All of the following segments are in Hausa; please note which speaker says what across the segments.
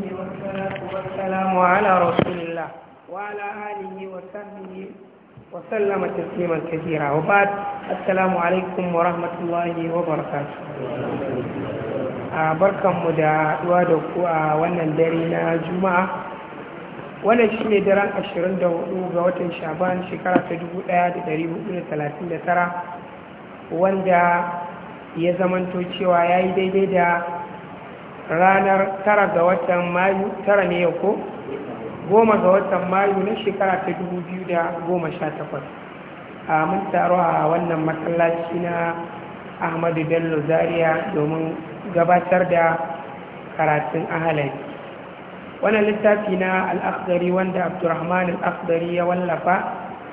Speaker 1: والسلام على رسول الله
Speaker 2: وعلى آله وصحبه وسلم تسليما كثيرا وبعد السلام عليكم ورحمة الله وبركاته barkan mu da haɗuwa da ku a wannan dare na juma'a wannan shi ne daren 24 wanda ya zamanto cewa ya daidai da ranar tara ga watan mayu tara ne ya ko goma ga watan mayu na shekara ta dubu biyu da goma sha takwas a mun taro a wannan matsalaci na ahmadu bello zaria domin gabatar da karatun ahalai wannan littafi na al'akdari wanda abdurrahman al'akdari ya wallafa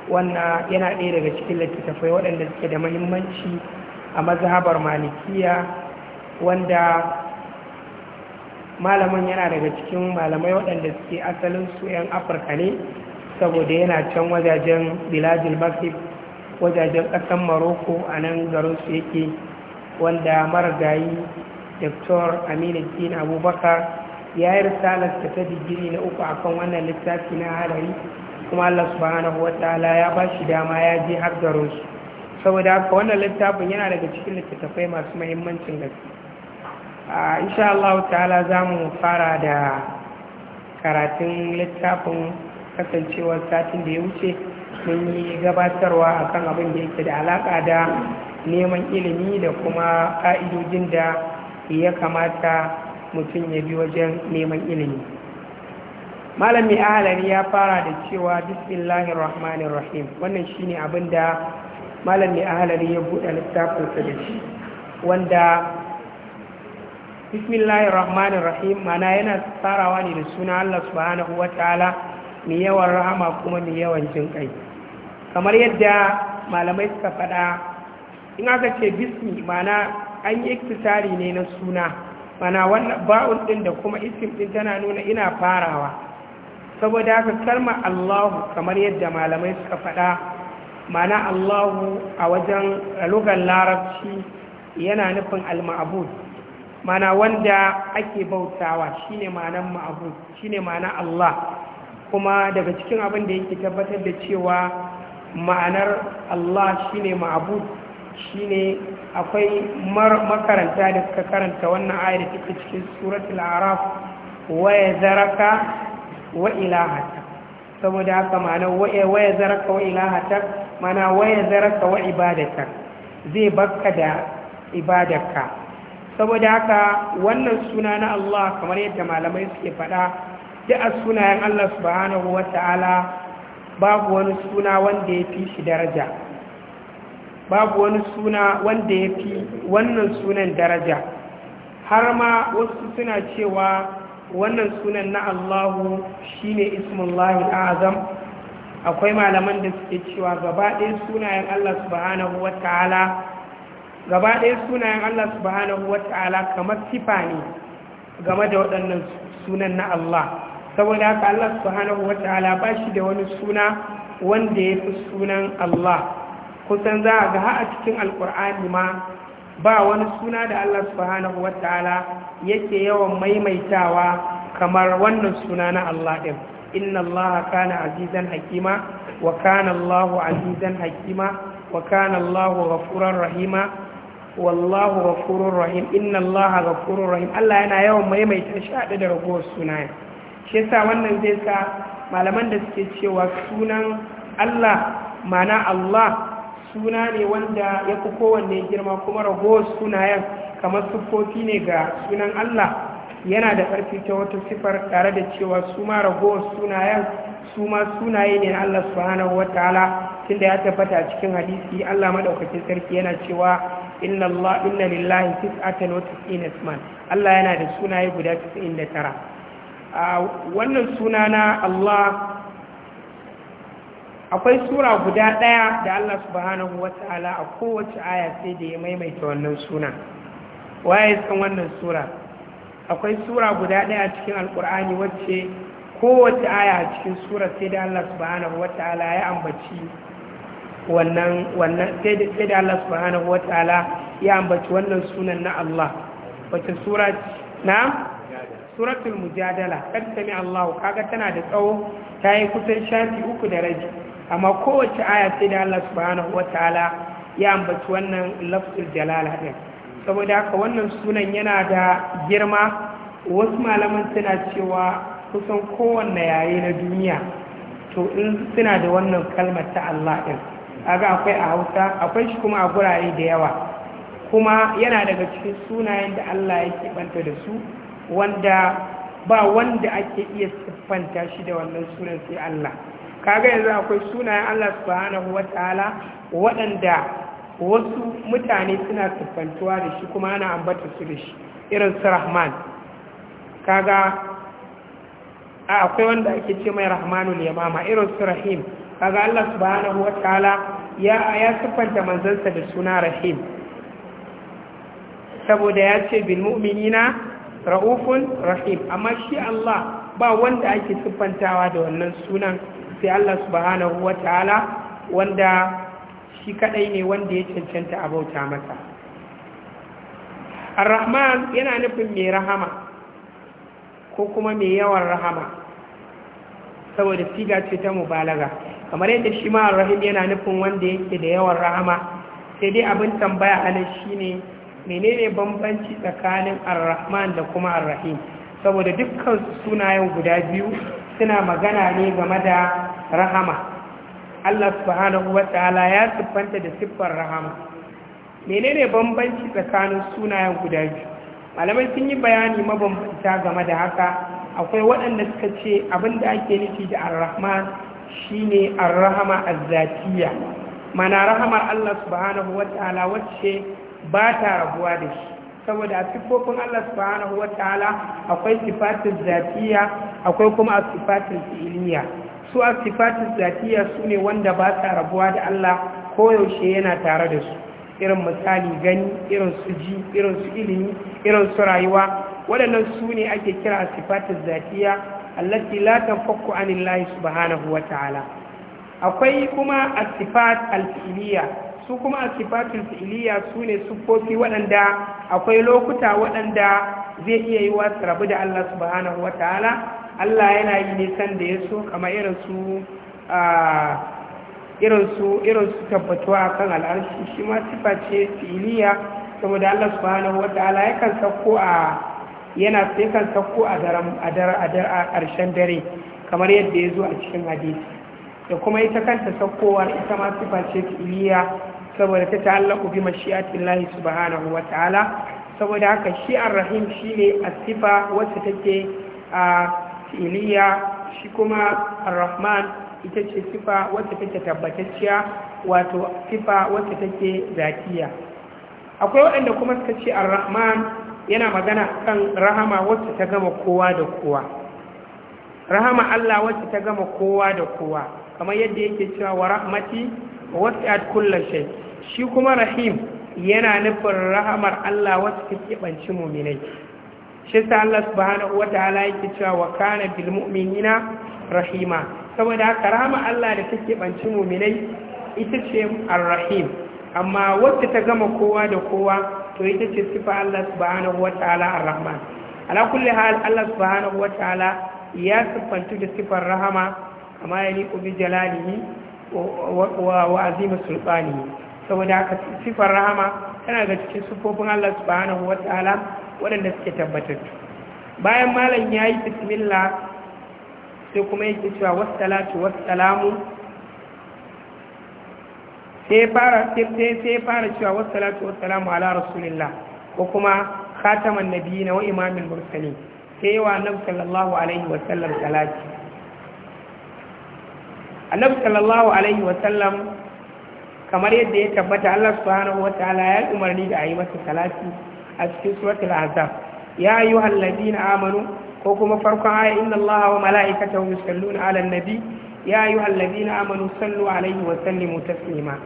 Speaker 2: wannan yana ɗaya daga cikin littattafai waɗanda suke da mahimmanci a mazhabar malikiya wanda malamin yana daga cikin malamai waɗanda suke asalin su 'yan afirka ne saboda yana can wajajen biladil masif wajajen ƙasar maroko a nan garin su yake wanda marigayi dr aminuddin abubakar ya yi risalarsa ta digiri na uku akan wannan littafi na halari kuma allah subhanahu wataala ya ba shi dama ya je har garin su saboda haka wannan littafin yana daga cikin littattafai masu mahimmancin gaske insha Allah ta'ala za mu fara da karatun littafin kasancewar satin da ya wuce mun yi gabatarwa akan abin da yake da alaƙa da neman ilimi da kuma ƙa'idodin da ya kamata mutum ya bi wajen neman ilimi malami ahalari ya fara da cewa bismillahir rahmanir rahim wannan shine abin da malami ahalari ya buɗe littafinsa da shi wanda bismillahir rahmanir rahim mana yana tsarawa ne da suna Allah subhanahu wataala mai yawan rahama kuma mai yawan jin kai kamar yadda malamai suka faɗa in aka ce bismi mana an yi iktisari ne na suna mana wannan ba'un din da kuma isim din tana nuna ina farawa saboda haka kalma Allahu kamar yadda malamai suka faɗa mana Allahu a wajen lugar larabci yana nufin al-ma'bud mana wanda ake bautawa shine manan ma'abu, shine ma'ana Allah kuma daga cikin abin da yake tabbatar da cewa ma'anar Allah shine ma'abu, shine akwai makaranta da suka karanta wannan ayar da take cikin suratul araf wa yazaraka wa ilahata saboda haka ma'ana wa yazaraka wa ilahata ma'ana wa yazaraka wa ibadata zai bakka da ibadarka saboda haka wannan suna na Allah kamar yadda malamai suke faɗa da a sunayen Allah subhanahu wa ta'ala babu wani suna wanda ya fi shi daraja babu wani suna wanda ya fi wannan sunan daraja har ma wasu suna cewa wannan sunan na Allahu shine ismullahi azam akwai malaman da suke cewa gaba ɗaya sunayen Allah subhanahu wa ta'ala gaba ɗaya sunayen Allah subhanahu ta'ala kamar sifa ne game da waɗannan sunan na Allah saboda haka Allah subhanahu ta'ala ba shi da wani suna wanda ya fi sunan Allah kusan za a ga a cikin alkur'ani ma ba wani suna da Allah subhanahu ta'ala yake yawan maimaitawa kamar wannan suna na Allah ɗin inna Allah kana azizan hakima wa kana Allah azizan hakima wa kana Allah rahima wallahu ghafurur rahim inna allaha ghafurur rahim Allah yana yawan maimaita shi da ragowar sunayen shi yasa wannan zai sa malaman da suke cewa sunan Allah mana Allah suna ne wanda ya fi kowanne girma kuma ragowar sunayen kamar siffofi ne ga sunan Allah yana da ƙarfi ta wata sifar tare da cewa su ma ragowar sunayen su ma sunaye ne na Allah subhanahu wataala tunda ya tabbata cikin hadisi Allah maɗaukacin sarki yana cewa inna Allah inna lillahi tis'atan wa tis'ina isman Allah yana da sunaye guda 99 a wannan suna na Allah akwai sura guda daya da Allah subhanahu wataala a kowace aya sai da ya maimaita wannan suna waye san wannan sura akwai sura guda daya cikin alkur'ani wacce kowace aya cikin sura sai da Allah subhanahu wataala ya ambaci wannan wannan sai da Allah subhanahu ta'ala ya ambaci wannan sunan na Allah wacce sura na suratul mujadala kan sami Allah kaga tana da tsawo ta yi kusan shafi uku da rabi amma kowace aya sai da Allah subhanahu ta'ala ya ambaci wannan lafzul jalala din saboda haka wannan sunan yana da girma wasu malaman suna cewa kusan kowanne yayi na duniya to in suna da wannan kalmar ta Allah din aga akwai a hausa akwai shi kuma a gurare da yawa kuma yana daga cikin sunayen da allah ya keɓanta da su wanda ba wanda ake iya siffanta shi da wannan sunan sai allah kaga yanzu akwai sunayen allah subhanahu wataala waɗanda wasu mutane suna siffantuwa da shi kuma ana ambata su da shi irin su rahman kaga akwai wanda ake ce mai rahmanul yamama irin su rahim kaga Allah subhanahu wa ta'ala ya ya siffanta manzansa da suna rahim saboda ya ce bil mu'minina ra'ufun rahim amma shi Allah ba wanda ake sifantawa da wannan sunan sai Allah subhanahu wa ta'ala wanda shi kadai ne wanda ya cancanta a bauta masa ar-rahman yana nufin mai rahama ko kuma mai yawan rahama saboda siga ce ta mubalaga kamar yadda shi ma rahim yana nufin wanda yake da yawan rahama sai dai abin tambaya a nan shine menene bambanci tsakanin ar da kuma al rahim saboda dukkan sunayen guda biyu suna magana ne game da rahama Allah subhanahu ta'ala ya siffanta da siffar rahama menene bambanci tsakanin sunayen guda biyu malamai sun yi bayani mabambanta game da haka akwai waɗanda suka ce abin da ake nufi da al rahman shine ne rahama a mana rahamar Allah subhanahu ta'ala wacce ba ta rabuwa da shi saboda a siffofin Allah subhanahu ta'ala akwai sifatin zatiya akwai kuma sifatun fi'iliya su a zatiya su ne wanda ba ta rabuwa da Allah koyaushe yana tare da su irin misali gani irin su ji irin su ilimi irin su rayuwa waɗannan su ne ake kira a sifatun zatiya allati la tafakku anillahi subhanahu wa ta'ala akwai kuma asifat alfi'iliya su kuma asifat fi'iliya su ne siffofi waɗanda akwai lokuta waɗanda zai iya yi wa rabu da Allah subhanahu wa ta'ala Allah yana yi nisan da ya so kamar irin su irin su irin su tabbatuwa akan al'arshi shi ma sifa ce fi'iliya saboda Allah subhanahu wa ta'ala yakan sauko a yana sai kan sauko a daren a daren a ƙarshen dare kamar yadda ya zo a cikin hadisi da kuma ita kanta saukowar ita ma sifa ce iliya saboda ta ta'allaku bi mashi'atin lahi subhanahu wa ta'ala saboda haka shi ar-rahim ne a sifa wacce take a iliya shi kuma al rahman ita ce sifa wacce take tabbatacciya wato sifa wacce take zakiya, akwai waɗanda kuma suka ce al rahman yana magana kan rahama wacce ta gama kowa da kowa rahama Allah wacce ta gama kowa da kowa kamar yadda yake cewa wa rahmati wasi'at kulli shay shi kuma rahim yana nufin rahamar Allah wacce ta kebanci mu'minai shi sa Allah subhanahu wataala yake cewa wa kana bil mu'minina rahima saboda haka rahama Allah da ta kebanci mu'minai ita ce ar-rahim amma wacce ta gama kowa da kowa to ita ce sifa Allah subhanahu wa ta'ala ar-rahman ala kulli hal Allah subhanahu wa ta'ala ya sifantu da sifar rahama kama ya liku bi jalalihi wa azima sulbani saboda haka sifar rahama tana da cikin sifofin Allah subhanahu wa ta'ala waɗanda suke tabbatattu bayan malam yayi yi bismillah sai kuma yake cewa wassalatu wassalamu sai fara sai fara cewa wasu wassalamu ala rasulillah ko kuma khataman na wa imamul mursalin sai wa annabi sallallahu alaihi wa sallam salati annabi sallallahu alaihi wa sallam kamar yadda ya tabbata Allah subhanahu wa ta'ala ya umarni da ayi masa salati a cikin suratul azab ya ayyuhal ladina amanu ko kuma farkon aya inna allaha wa mala'ikatahu yusalluna ala nabi ya ayyuhal ladina amanu sallu alaihi wa sallimu taslima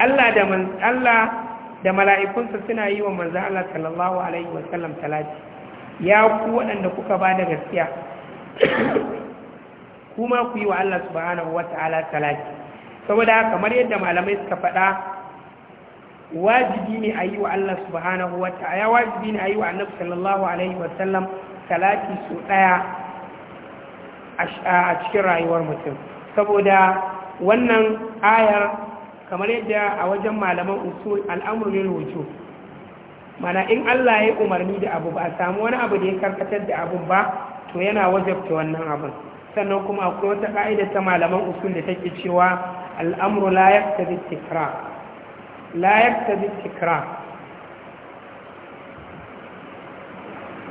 Speaker 2: Allah da man Allah da mala'ikunsa suna yi wa manzo Allah sallallahu alaihi wasallam salati ya ku waɗanda kuka ba da gaskiya kuma ku yi wa Allah subhanahu wa ta’ala salati saboda kamar yadda malamai suka faɗa wajibi ne a yi wa Allah subhanahu wa wata'ala wajibi ne a yi wa annabi sallallahu alaihi wasallam salati su ɗaya a cikin rayuwar mutum saboda wannan ayar kamar yadda a wajen malaman usul al'amur lil mana in Allah ya umarni da abu ba samu wani abu da ya karkatar da abu ba to yana wajabta wannan abun sannan kuma akwai wata ka'ida ta malaman usul da take cewa al'amur la ta zikira ta zikira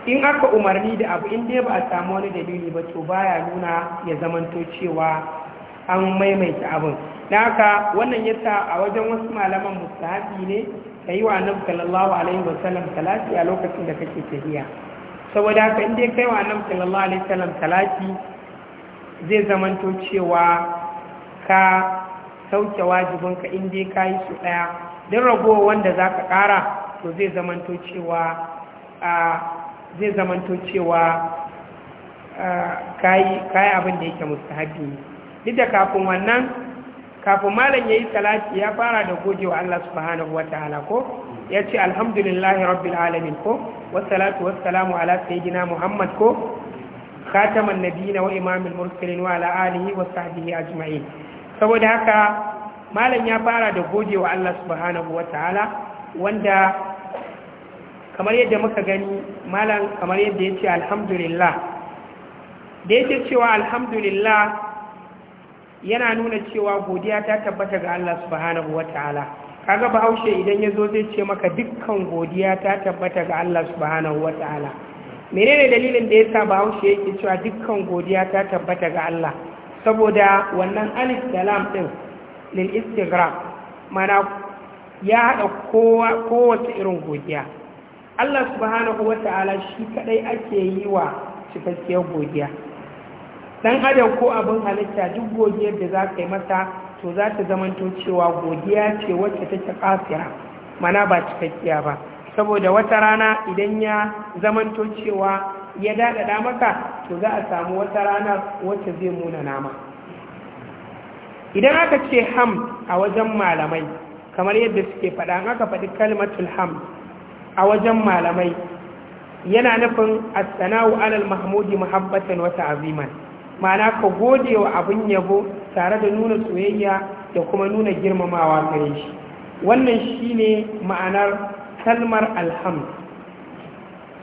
Speaker 2: in aka umarni da abu inda ba a samu wani dalili ba to baya nuna ya zamanto cewa an maimaita abin da haka wannan yasa a wajen wasu malaman mustahabi ne ka yi wa annabi sallallahu alaihi wasallam salati a lokacin da kake tafiya saboda haka in dai kai wa annabi sallallahu alaihi wasallam salati zai zamanto cewa ka sauke wajibinka in dai ka yi su ɗaya don ragowa wanda za ka ƙara to zai zamanto cewa zai zamanto cewa ka abin da yake mustahabi ne duk da kafin wannan kafin malam ya yi talaki ya fara da gojewa Allah subhanahu wa ta'ala ko ya ce alhamdulillahi rabbil alamin ko wassalatu wassalamu ala sayyidina muhammad ko khataman nabiyina wa imamul mursalin wa ala alihi wa sahbihi ajma'in saboda haka malam ya fara da gojewa Allah subhanahu wa ta'ala wanda kamar yadda muka gani malam kamar yadda ya ce alhamdulillah da yake cewa alhamdulillah yana nuna cewa godiya ta tabbata ga Allah subhanahu wataala kaga bahaushe idan ya zo zai ce maka dukkan godiya ta tabbata ga Allah subhanahu wataala menene dalilin da yasa bahaushe yake cewa dukkan godiya ta tabbata ga Allah saboda wannan alif da lam din lil istighram mana ya hada kowa kowace irin godiya Allah subhanahu ta'ala shi kadai ake yi wa cikakkiyar godiya dan adam ko abin halitta duk godiyar da za ka yi masa to za ta zamanto cewa godiya ce wacce take kafira mana ba cikakkiya ba saboda wata rana idan ya zamanto cewa ya daɗaɗa maka to za a samu wata rana wacce zai muna nama idan aka ce ham a wajen malamai kamar yadda suke faɗa an aka faɗi kalmatul ham a wajen malamai yana nufin asana'u alal mahmudi muhabbatan wata aziman ma'ana ka gode wa abin yabo tare da nuna soyayya da kuma nuna girmamawa gare shi wannan shine ma'anar kalmar alhamd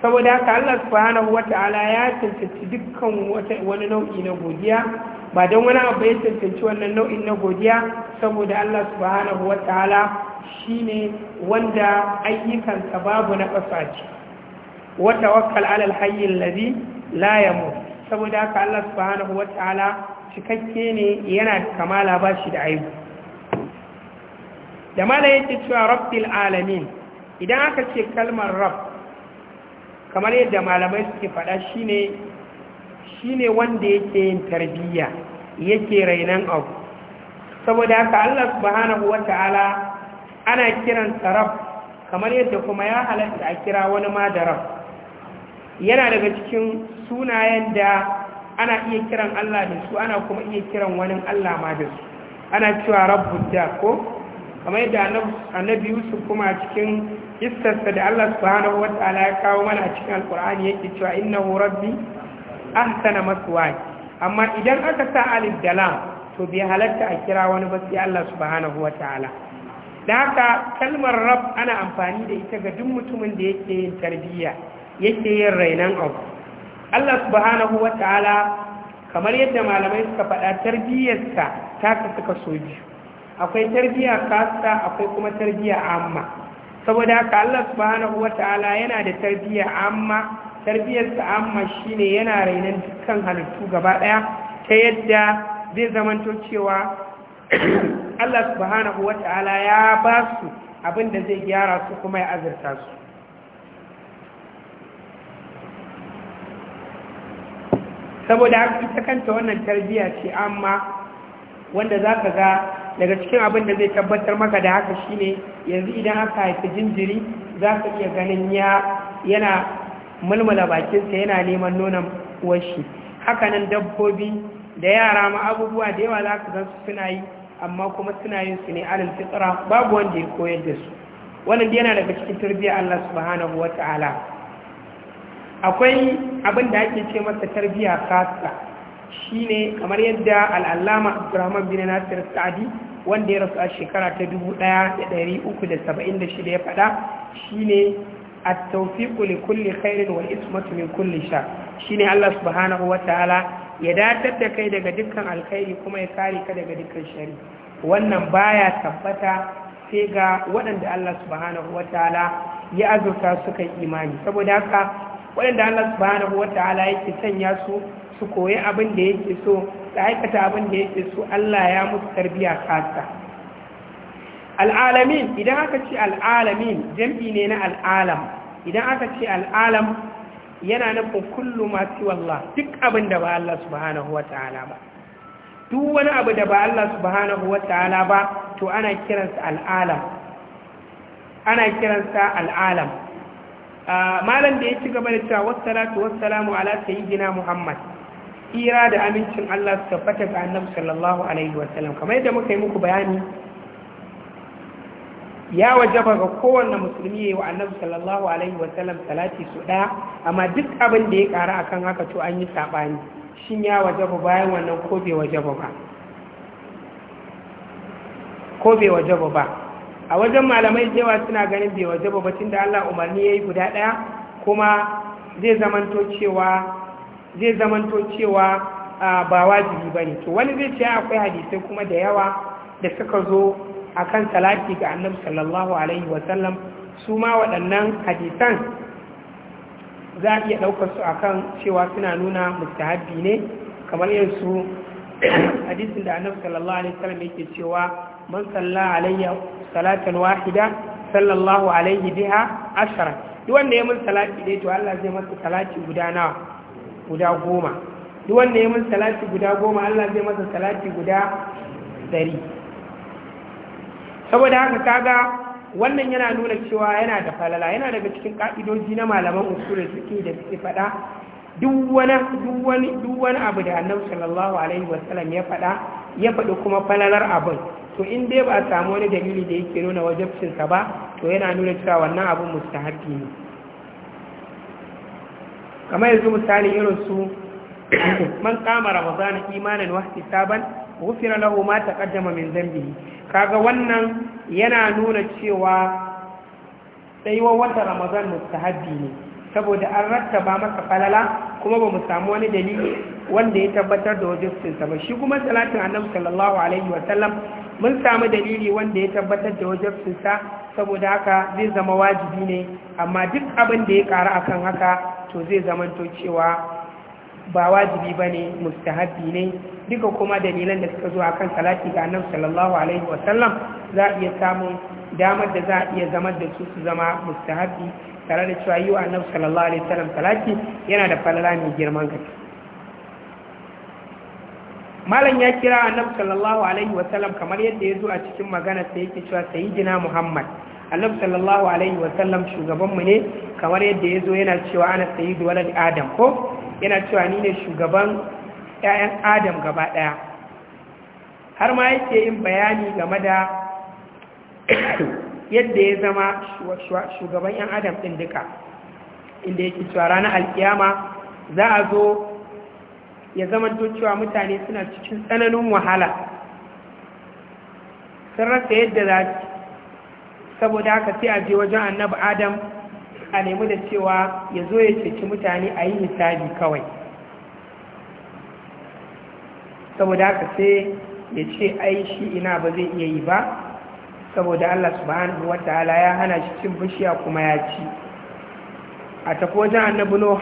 Speaker 2: saboda haka Allah subhanahu wata'ala ya tantance dukkan wani nau'i na godiya ba don wani abu ya tantance wannan nau'in na godiya saboda Allah subhanahu wata'ala shine wanda ayyukansa babu na ƙasa ce wata wakkal alal hayyin lazi la yamut saboda haka Allah subhanahu wata'ala cikakke ne yana kamala ba shi da aibu da mala yake cewa rabbil alamin idan aka ce kalmar rab kamar yadda malamai suke faɗa shine shine wanda yake yin tarbiyya yake rainan abu saboda haka Allah subhanahu wata'ala ana kiran rab kamar yadda kuma ya halatta a kira wani ma da rab yana daga cikin sunayen da ana iya kiran Allah da su ana kuma iya kiran wani Allah ma da su ana cewa rabbud da ko kamar yadda annabi Yusuf kuma cikin istarsa da Allah subhanahu wataala ya kawo mana a cikin alkur'ani yake cewa innahu rabbi ahsana maswaya amma idan aka sa alif da lam to bai halatta a kira wani ba sai Allah subhanahu wataala da haka kalmar rab ana amfani da ita ga duk mutumin da yake yin tarbiyya yake yin rainan abu Allah subhanahu wa ta'ala kamar yadda malamai suka faɗa tarbiyyarsa ta kasu so biyu akwai tarbiyya kasa, akwai kuma tarbiyya amma saboda haka Allah subhanahu ta'ala yana da tarbiyya amma tarbiyyarsa amma shi ne yana rainan dukkan halittu gaba ɗaya ta yadda zai zamanto cewa Allah subhanahu ta'ala ya ba su abin da zai gyara su kuma ya azurta su saboda ita kanta wannan tarbiyya ce amma wanda za ka ga daga cikin abin da zai tabbatar maka da haka shine yanzu idan aka haifi jinjiri za ka iya ganin ya yana mulmula bakinsa yana neman nonon washi hakanan dabbobi da yara ma abubuwa da yawa za ka gansu suna yi amma kuma suna yin su ne alin fitra babu wanda ya koyar da su wannan yana daga cikin tarbiyyar Allah subhanahu wata'ala akwai abin da ake ce masa tarbiya shi ne kamar yadda al'allama abdurrahman bin nasir sa'adi wanda ya rasu a shekara ta 1376 ya faɗa shine at-tawfiqu li kulli kairin wal ismatu kulle sha. Shi ne Allah subhanahu wa ta'ala ya datar da kai daga dukkan alkhairi kuma ya kare ka daga dukkan shari wannan baya tabbata sai ga waɗanda Allah subhanahu wa ta'ala ya azurta suka imani saboda haka waɗanda Allah subhanahu ta'ala yake sanya su su koyi abin da yake so da aikata abin da yake so Allah ya musu tarbiya kasa al'alamin idan aka ce al'alamin jam'i ne na al'alam idan aka ce al'alam yana nufin kullu masu wallah duk abin da ba Allah subhanahu ta'ala ba duk wani abu da ba Allah subhanahu ta'ala ba to ana kiransa al'alam ana kiransa al'alam malam da ya ci gaba da cewa wassalatu wassalamu ala sayyidina muhammad tsira da amincin Allah su tabbata ga annabi sallallahu alaihi wasallam kamar yadda muka yi muku bayani ya wajaba ga kowanne musulmi yayi wa annabi sallallahu alaihi wasallam salati su da amma duk abin da ya kara akan haka to an yi sabani shin ya wajaba bayan wannan ko bai wajaba ba ko bai wajaba ba a wajen malamai cewa suna ganin bai waje ba batun da Allah umarni ya yi guda ɗaya kuma zai zamanto cewa ba wajibi ba ne. to wani zai ce akwai hadisai kuma da yawa da suka zo a kan salati ga annab sallallahu alaihi wasallam su ma waɗannan hadisan za a iya ɗaukar su a kan cewa suna nuna mustahabbi ne kamar yin su hadisin da annab sallallahu alaihi wasallam yake cewa man salla alayya salatan wahida sallallahu alaihi biha ashara duk wanda ya mun salati dai to Allah zai masa salati guda nawa guda goma duk wanda ya mun salati guda goma Allah zai masa salati guda dari saboda haka kaga wannan yana nuna cewa yana da falala yana daga cikin ka'idoji na malaman usulul fiqh da suke faɗa duk wani abu da annabi sallallahu alaihi wasallam ya faɗa ya faɗi kuma falalar abin to in dai ba a samu wani dalili da yake nuna wajabcinsa ba to yana nuna cewa wannan abin mustahabi ne kamar yanzu misali irin su man kama ramadan imanan wahti saban gufira lahu ma taqaddama min dhanbi kaga wannan yana nuna cewa tsayuwar wata ramadan mustahabi ne saboda an rattaba masa falala kuma ba mu samu wani dalili wanda ya tabbatar da wajibcinsa ba shi kuma salatin annabi sallallahu alaihi wa sallam mun samu dalili wanda ya tabbatar da wajibcinsa saboda haka zai zama wajibi ne amma duk abin da ya ƙara akan haka to zai zama to cewa ba wajibi ba ne mustahabi ne duka kuma dalilan da suka zo akan salati ga annabi sallallahu alaihi wa sallam za a iya samun damar da za a iya zamar da su su zama mustahabi tare da cewa yi wa annabi sallallahu alaihi wasallam talaki yana da falala mai girman gaske malam ya kira annabi sallallahu alaihi wasallam kamar yadda ya zo a cikin magana sai yake cewa sayyidina muhammad annabi sallallahu alaihi wasallam shugaban mu ne kamar yadda ya zo yana cewa ana sayyidu walad adam ko yana cewa ni ne shugaban ƴaƴan adam gaba ɗaya har ma yake yin bayani game da yadda ya zama shugaban yan adam ɗin duka inda yake cewa ranar alkiyama za a zo ya zama cewa mutane suna cikin tsananin wahala sun rasa yadda za su saboda haka sai a je wajen annabi adam a nemi da cewa ya zo ya ceci mutane a yi hisabi kawai saboda haka sai ya ce ai shi ina ba zai iya yi ba saboda Allah subhanahu ta'ala ya hana shi cin bishiya kuma ya ci a tafi wajen annabi Nuh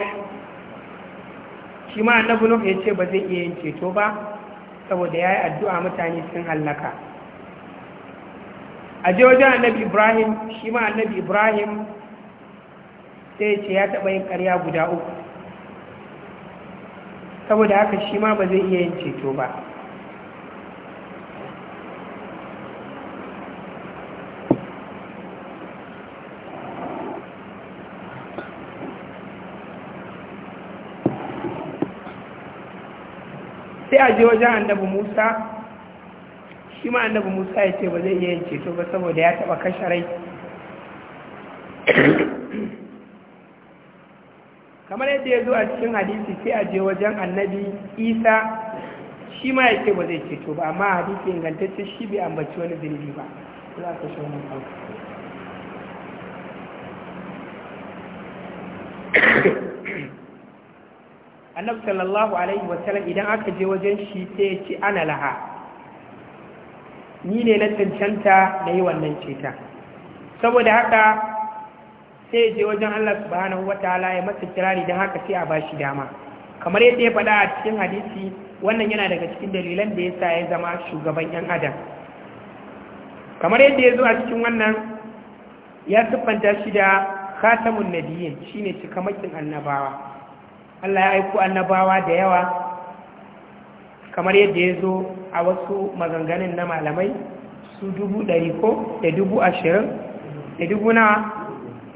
Speaker 2: shi ma annabi Nuh ya ce ba zai iya yin ceto ba saboda ya yi addu'a mutane sun hallaka a je wajen annabi Ibrahim shi ma annabi Ibrahim sai ce ya taɓa yin ƙarya guda uku saboda haka shi ma ba zai iya yin ceto ba sai a je wajen annabi musa shi ma annabi musa ya ce ba zai iya yin ceto ba saboda ya taba kasharai rai kamar yadda ya zo a cikin hadisi sai a je wajen annabi isa shi ma ya ce ba zai ceto ba amma hadisi ingantacce shi bai ambaci wani zirgi ba za ka shi wani annabi sallallahu alaihi wasallam idan aka je wajen shi sai ya ce ana laha ni ne na cancanta na yi wannan ceta saboda haka sai ya je wajen Allah subhanahu wataala ya masa kirari don haka sai a bashi dama kamar yadda ya faɗa a cikin hadisi wannan yana daga cikin dalilan da ya sa ya zama shugaban 'yan adam kamar yadda ya zo a cikin wannan ya siffanta shi da khatamun nabiyyin shine cikamakin annabawa Allah ya aiko annabawa da yawa kamar yadda ya zo a wasu maganganun na malamai su dubu ɗari ko da dubu ashirin da dubu nawa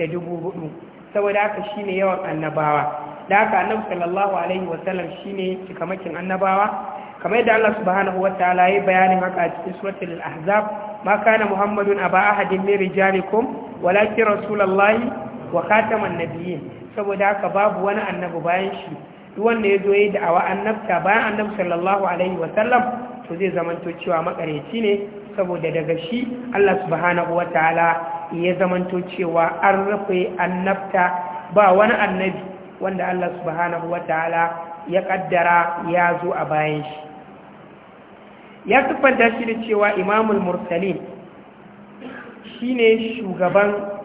Speaker 2: da dubu hudu saboda haka shi ne yawan annabawa da haka annabi sallallahu alaihi wasallam shi ne cikamakin annabawa kamar yadda Allah subhanahu wa ta'ala ya bayanin haka a cikin suratul ahzab ma kana muhammadun aba ahadin min rijalikum walakin rasulullahi wa na nabiyyin saboda haka babu wani annabi bayan shi wanda ya zo yi da'awa annabta bayan annabta sallallahu alaihi wa sallam to zai zamanto cewa makareci ne saboda daga shi Allah subhanahu wa ta'ala ya zamanto cewa an rufe annabta ba wani annabi wanda Allah subhanahu wa ta'ala ya kaddara ya zo a bayan shi ya siffanta shi da cewa imamul mursalin shine shugaban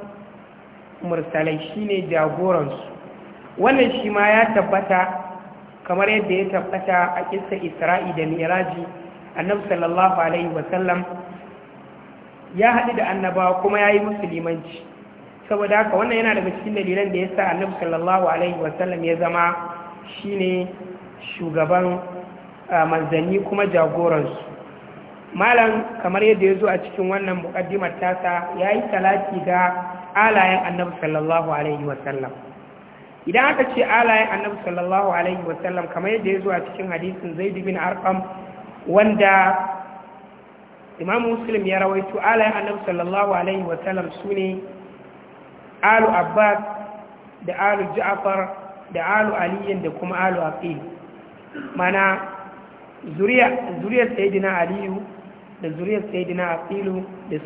Speaker 2: mursalai shine jagoransu wannan shi ma ya tabbata kamar yadda ya tabbata a kissa isra'i da miraji annabi sallallahu alaihi wasallam ya haɗu da annabawa kuma ya yi musulmanci saboda haka wannan yana daga cikin dalilan da ya sa annabi sallallahu alaihi wasallam ya zama shine shugaban ah, manzanni kuma jagoransu malam kamar yadda ya zo a cikin wannan muƙaddimar tasa ya yi talaki ga alayen annabi sallallahu alaihi wasallam idan aka ce alayen annabi sallallahu alaihi wasallam kamar yadda ya zo a cikin hadisin zaid bin arqam wanda imam muslim ya rawaito alayen annabi sallallahu alaihi wasallam sune alu abbas da alu ja'far da alu aliyin da kuma alu aqil mana zuriya zuriyar sayyidina aliyu da zuriyar sayyidina aqilu da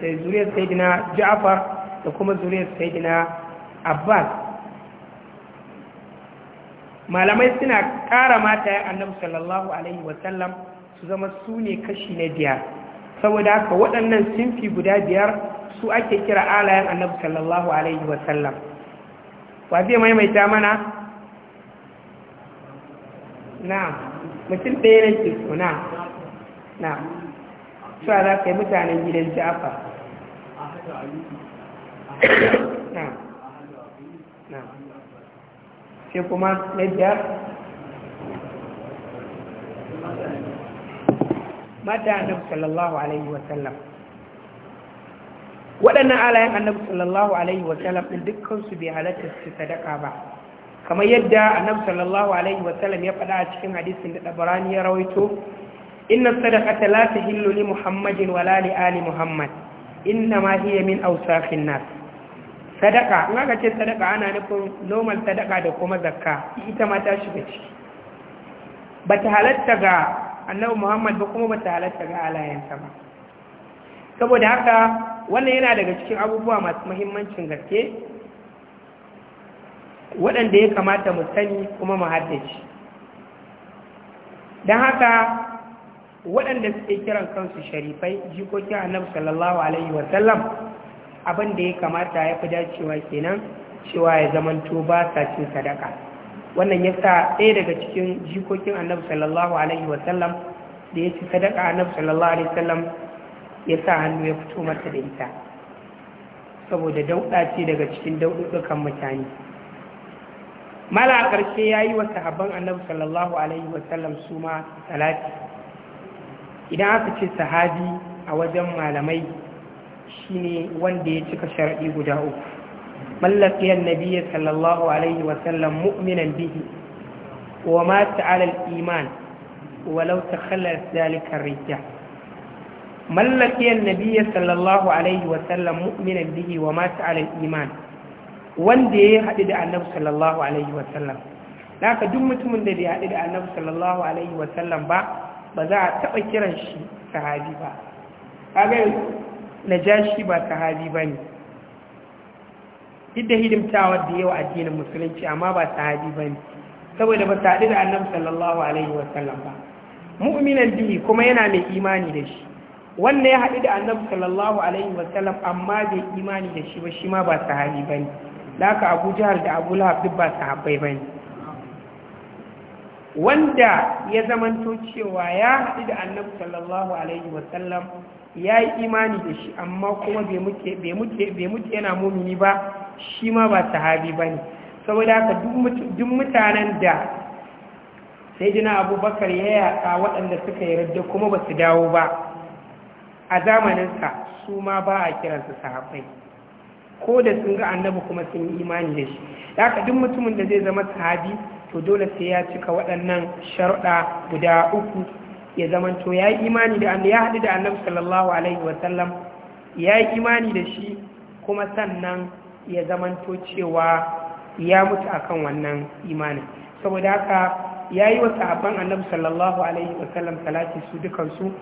Speaker 2: sayyidina ja'far da kuma zuriyar saidina abbas malamai suna ƙara mata ya annabu sallallahu alaihi wasallam su zama su ne kashi na biyar saboda haka waɗannan sinfi guda biyar su ake kira alayen annabu sallallahu alaihi wasallam wa zai maimaita mana na mutum ɗaya na ke so na na za ka yi mutanen gidan jafa
Speaker 1: sai
Speaker 2: kuma na biyar mata annabi sallallahu alaihi wasallam waɗannan alayen annabi sallallahu alaihi wasallam ɗin dukkansu bai halatta su sadaka ba kamar yadda annabi sallallahu alaihi wasallam ya faɗa a cikin hadisin da ɗabarani ya rawaito inna sadaqata la tahillu li muhammadin wala li ali muhammad inna ma hiya min awsafin nas sadaka in aka ce sadaka ana nufin normal sadaka da kuma zakka ita ma ta shiga ciki
Speaker 1: ba ta halatta ga
Speaker 2: annabi muhammad ba kuma ba ta halatta ga alayensa ba saboda haka wannan yana daga cikin abubuwa masu muhimmancin gaske waɗanda ya kamata mu sani kuma mu haddace don haka waɗanda suke kiran kansu sharifai jikokin annabi sallallahu alaihi wasallam abin da ya kamata ya fi dacewa kenan cewa ya zamanto ba sa cin sadaka wannan ya sa ɗaya daga cikin jikokin annabi sallallahu alaihi wasallam da ya ci sadaka annabu sallallahu alaihi wasallam ya sa hannu ya fito mata da ita saboda dauɗa ce daga cikin dauɗuɗɗukan mutane mala a ƙarshe ya yi wa sahaban annabi sallallahu alaihi wasallam su ma salati idan aka ce sahabi a wajen malamai shine wanda ya cika sharadi guda uku mallakiyar nabiyyi sallallahu alaihi wa sallam mu'minan bihi wa ma ala al-iman walau takhallas dhalika ar-rijja Mallakiyar nabiyyi sallallahu alaihi wa sallam mu'minan bihi wa ma ala al-iman wanda ya haɗu da annabi sallallahu alaihi wa sallam naka duk mutumin da bai haɗu da annabi sallallahu alaihi wa sallam ba ba za a taɓa kiran shi sahabi ba kaga Na najashi ba sahabi ba ne Idda da hidimtawa da yawa addinin musulunci amma ba sahabi ba ne saboda ba sa da annabi sallallahu alaihi wasallam ba mu'minan bihi kuma yana mai imani da shi wannan ya haɗu da annabi sallallahu alaihi wasallam amma bai imani da shi ba shi ma ba sahabi ba ne da aka abu jihar da abu lahab duk ba sahabbai ba ne wanda ya zamanto cewa ya haɗu da annabi sallallahu alaihi wasallam ya yi imani da shi amma kuma bai mutu yana mumini ba shi ma ba sahabi ba ne saboda haka duk mutanen da sai jina abubakar ya yaƙa waɗanda suka yi yarda kuma ba su dawo ba a zamaninsa su ma ba a kiransa sahabai ko da sun ga annabi kuma sun yi imani da shi da haka duk mutumin da zai zama sahabi to dole sai ya cika waɗannan sharuɗa guda uku ya to ya yi imani da annabi ya haɗu da annabi sallallahu alaihi wasallam ya yi imani da shi kuma sannan ya zamanto cewa ya mutu akan wannan imanin saboda haka ya yi wa sahabban annabi sallallahu alaihi wasallam salati su dukansu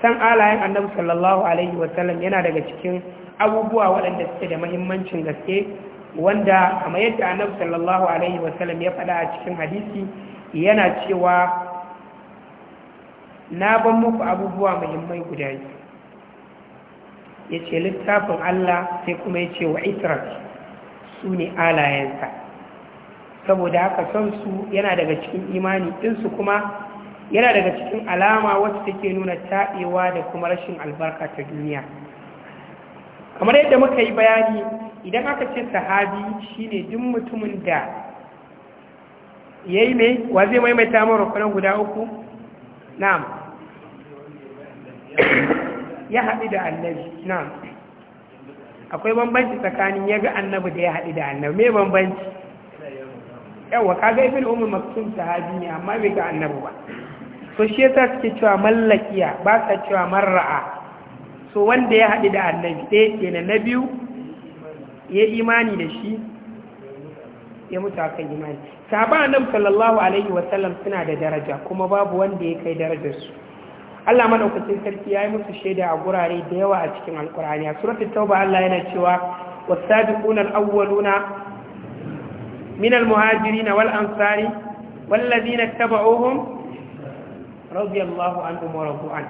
Speaker 2: san alayen annabi sallallahu alaihi wasallam yana daga cikin abubuwa waɗanda suke da mahimmancin gaske wanda kamar yadda annabi sallallahu alaihi wasallam ya faɗa a cikin hadisi yana cewa na ban muku abubuwa muhimmai guda biyu ya ce littafin Allah sai kuma ya ce wa itrak su ne alayensa saboda haka son su yana daga cikin imani ɗinsu kuma yana daga cikin alama wacce take nuna taɓewa da kuma rashin albarka ta duniya kamar yadda muka yi bayani idan aka ce sahabi shine duk mutumin da yayi mai. wa zai maimaita mu rukunan guda uku na'am ya haɗu da annabi na'am akwai bambanci tsakanin ya ga annabi da ya haɗu da annabi me bambanci yawa kaga ibn umar maktum sahabi ne amma bai ga annabi ba so shi yasa suke cewa mallakiya ba sa cewa marra'a so wanda ya haɗu da annabi ɗaya kenan na biyu ya imani da shi ya mutu akan imani sahaba annabi sallallahu alaihi wa sallam suna da daraja kuma babu wanda ya kai darajar su Allah madaukakin sarki yayi musu shaida a gurare da yawa a cikin alkur'ani a suratul tauba Allah yana cewa was-sabiquna al-awwaluna min al-muhajirin wal-ansari wal-ladina tabauhum radiyallahu anhum wa radu an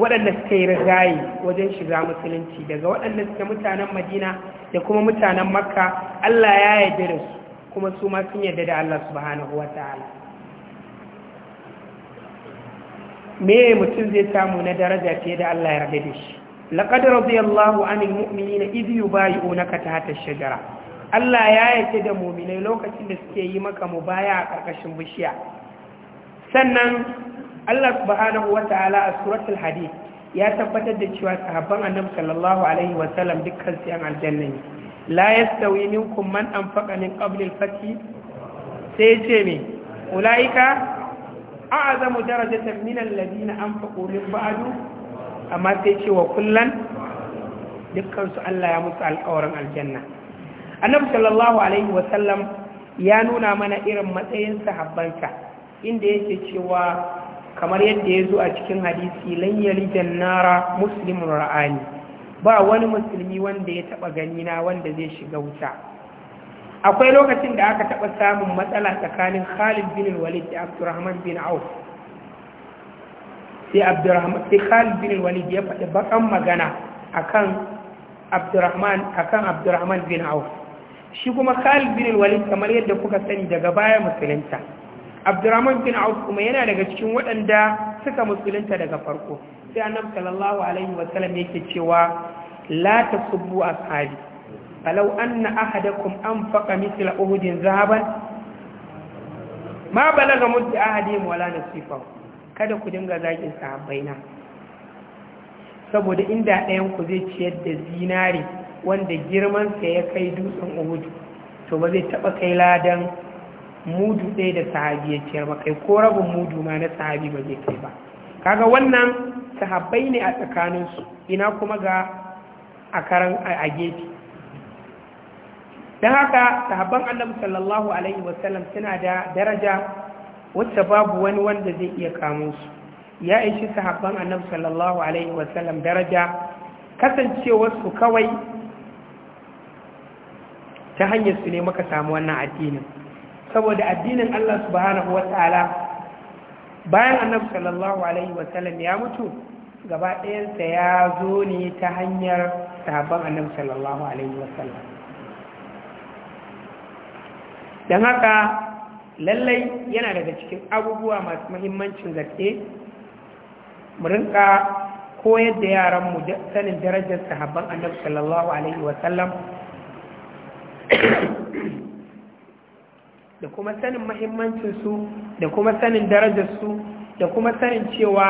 Speaker 2: waɗanda suka yi rigayi wajen shiga musulunci daga waɗanda suka mutanen madina da kuma mutanen makka Allah ya yarda da su kuma su ma sun yarda da Allah subhanahu wa ta'ala me mutum zai samu na daraja fiye da Allah ya yarda da shi laqad radiyallahu anil mu'minina idh yubayyi'unaka ta hatar shajara Allah ya yace da mu'minai lokacin da suke yi maka mu baya a ƙarƙashin bishiya sannan Allah subhanahu wa ta'ala a suratul hadid ya tabbatar da cewa sahabban annabi sallallahu alaihi wa sallam dukkan su aljanna ne la yastawi minkum man anfaqa min qabl al-fath sai ce me ulaika a'zamu darajatan min alladhina anfaqu min ba'du amma sai ce wa kullan dukkan su Allah ya musu alƙawarin aljanna annabi sallallahu alaihi wa sallam ya nuna mana irin matsayin sahabbansa inda yake cewa kamar yadda ya zo a cikin hadisi lan yalijan nara muslimun ra'ani ba wani musulmi wanda ya taba gani na wanda zai shiga wuta akwai lokacin da aka taba samun matsala tsakanin Khalid bin Walid da Abdurrahman bin Auf sai Abdurrahman sai Khalid bin Walid ya faɗi bakan magana akan Abdurrahman akan Abdurrahman bin Auf shi kuma Khalid bin Walid kamar yadda kuka sani daga baya musulunta abdurrahman bin auf kuma yana daga cikin waɗanda suka musulunta daga farko sai annab sallallahu alaihi wasallam yake cewa la tasubbu ashabi falau anna ahadakum anfaqa mithla uhudin zahaban ma balaga muddi ahadi wala nasifa kada ku dinga zakin sahabbaina saboda inda ɗayan ku zai ciyar da zinari wanda girman sa ya kai dutsen uhud to ba zai taba kai ladan mudu ɗaya da sahabi ya ciyar ba kai ko rabin mudu ma na sahabi ba zai kai ba kaga wannan sahabbai ne a tsakaninsu ina kuma ga a karan a gefe don haka sahabban annabi sallallahu alaihi wasallam suna da daraja wacce babu wani wanda zai iya kamo su ya ishi sahabban annabi sallallahu alaihi wasallam daraja kasancewarsu kawai ta hanyar su ne muka samu wannan addinin saboda addinin Allah subhanahu ta'ala bayan annabi sallallahu alaihi wa sallam ya mutu gaba ɗayansa ya zo ne ta hanyar sahabban annabi sallallahu alaihi wa sallam. don haka lallai yana daga cikin abubuwa masu muhimmancin gaske mu rinka koyar da yaranmu sanin darajar sahabban annabi sallallahu alaihi wa sallam. da kuma sanin mahimmancinsu da kuma sanin darajarsu da kuma sanin cewa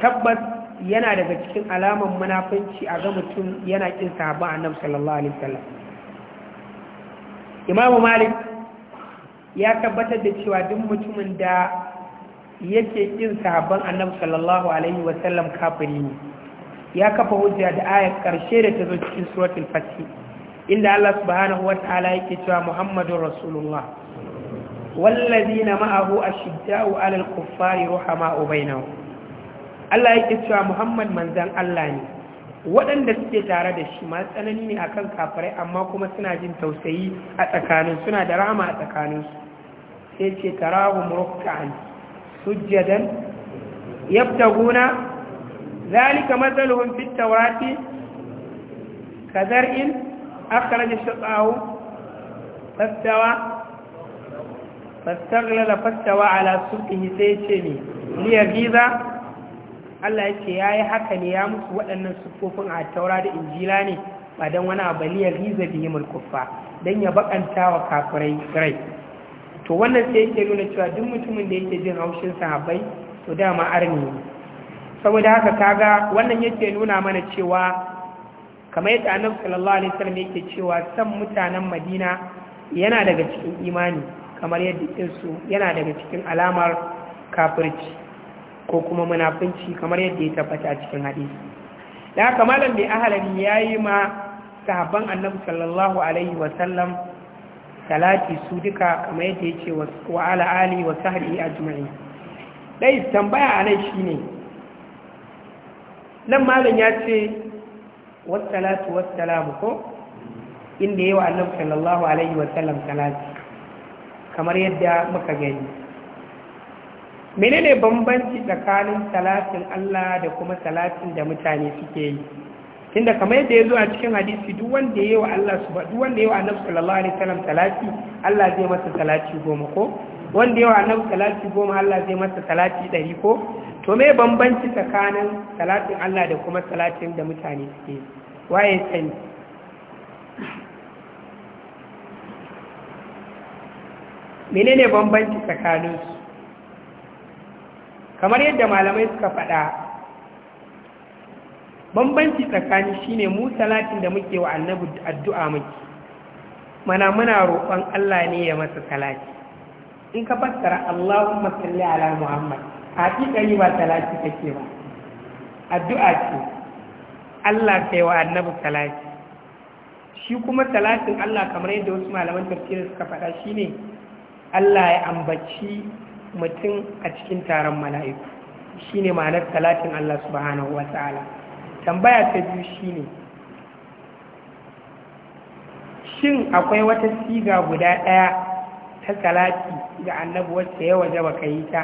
Speaker 2: tabbas yana daga cikin alaman munafunci a ga mutum yana kin sahaba annabi sallallahu alaihi wasallam imamu malik ya tabbatar da cewa duk mutumin da yake kin sahabban annabi sallallahu alaihi wasallam kafiri ne ya kafa hujja da ayar karshe da ta zo cikin suratul fatih inda Allah subhanahu wa ta'ala yake cewa Muhammadur Rasulullah na ma'ahu ashidda'u 'alal kuffari rahama'u bainahum Allah yake cewa Muhammad manzan Allah ne waɗanda suke tare da shi ma tsanani ne akan kafirai amma kuma suna jin tausayi a tsakanin suna da rama a tsakanin su sai ce tarahum ruk'an sujjadan yabtaguna zalika mathaluhum fit tawrati kazar'in akhraja shat'ahu fastawa fastaglala fastawa ala sulhihi sai ce ne liya giza Allah ya ce yayi haka ne ya musu waɗannan sufofin a taura da injila ne ba dan wani abu liya giza bihi mulkufa dan ya baƙanta wa kafirai rai to wannan sai yake nuna cewa duk mutumin da yake jin haushin sahabbai to dama arni ne saboda haka kaga wannan yake nuna mana cewa kamar yadda annabi sallallahu alaihi wasallam yake cewa san mutanen Madina yana daga cikin imani kamar yadda ɗinsu yana daga cikin alamar kafirci ko kuma munafunci kamar yadda ya tabbata a cikin hadisi da haka malam bai ahalari ya yi ma sahabban annabi sallallahu alaihi wasallam salati su duka kamar yadda ya ce wa ala ali wa sahari a jima'i ɗai tambaya a nan shi ne nan malam ya ce wasu talatu wasu talamu ko inda yi wa annabi sallallahu alaihi wasallam salati kamar yadda muka gani mene ne bambanci tsakanin salatin Allah da kuma salatin da mutane suke yi tunda kamar yadda ya zo a cikin hadisi duk wanda ya yi wa Allah su duk wanda ya yi wa annabi sallallahu alaihi wasallam salati Allah zai masa salati goma ko wanda ya yi wa annabi salati goma Allah zai masa salati ɗari ko to me bambanci tsakanin salatin Allah da kuma salatin da mutane suke waye sani menene bambanci tsakaninsu kamar yadda malamai suka faɗa bambanci shi shine mu salatin da muke wa annabi addu'a muke mana muna roƙon Allah ne ya masa salati in ka fassara Allahumma salli ala Muhammad hakikani ba salati kake ba addu'a ce Allah kai wa annabi salati shi kuma salatin Allah kamar yadda wasu malaman tafsir suka faɗa shine Allah ya ambaci mutum a cikin taron mala'iku shine ma'anar talatin Allah subhanahu wa ta'ala tambaya ta biyu shine shin akwai wata siga guda ɗaya ta talati ga annabu wacce ya waje baka yi ta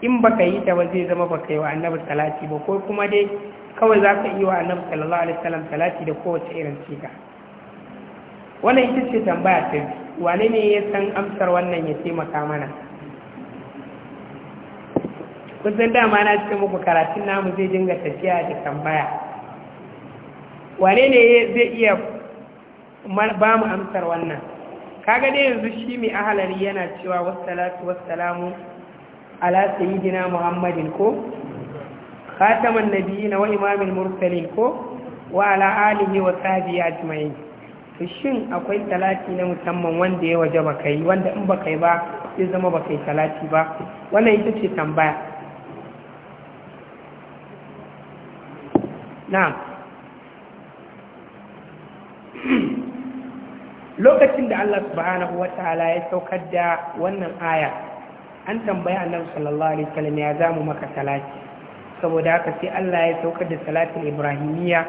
Speaker 2: in baka yi ta ba zai zama baka yi wa annabu talati ba ko kuma dai kawai za ka yi wa annabu sallallahu alaihi wasallam talati da kowace irin siga wannan ita ce tambaya ta biyu wane ne ya san amsar wannan ya taimaka mana kusan dama na cikin muku karatun namu zai dinga tafiya da tambaya wane ne zai iya ba mu amsar wannan kaga dai yanzu shi mai ahalari yana cewa wasu salamu ala sayyidina muhammadin ko khataman nabiyina wa imamin mursalin ko wa ala alihi wa sahbihi ajma'in to shin akwai talati na musamman wanda ya waje baka yi wanda in baka yi ba zai zama baka yi talati ba wannan ita ce tambaya na lokacin da Allah subhanahu wataala ya saukar da wannan aya an tambaya annabi sallallahu alaihi wasallam ya zamu maka talati. saboda haka sai Allah ya saukar da talatin ibrahimiyya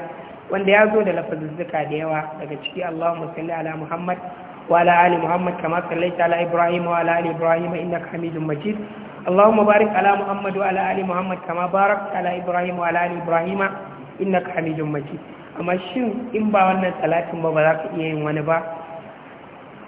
Speaker 2: wanda ya zo da zuka da yawa daga ciki Allahumma salli ala Muhammad wa ala ali Muhammad kama sallaita ala Ibrahim wa ala ali Ibrahim innaka Hamidum Majid Allahumma barik ala Muhammad wa ala ali Muhammad kama barakta ala Ibrahim wa ala ali Ibrahim innaka Hamidum Majid amma shin in ba wannan salatin ba ba za ka iya yin wani ba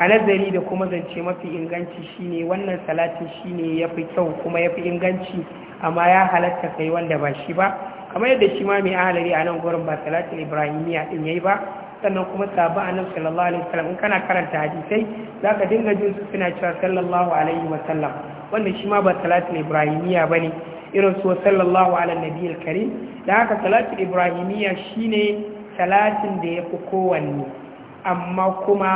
Speaker 2: a nazari da kuma zance mafi inganci shine wannan salatin shine yafi kyau kuma yafi inganci amma ya halatta kai wanda ba shi ba kamar yadda shi ma mai ahalari a nan gurin ba salatul ibrahimiyya din yayi ba sannan kuma sabu a nan sallallahu alaihi wasallam in kana karanta hadisai za ka dinga jin su suna cewa sallallahu alaihi wasallam wannan shi ma ba salatul ibrahimiyya ba ne irin su sallallahu ala nabiyil karim da haka salatul ibrahimiyya shine salatin da ya fi kowanne amma kuma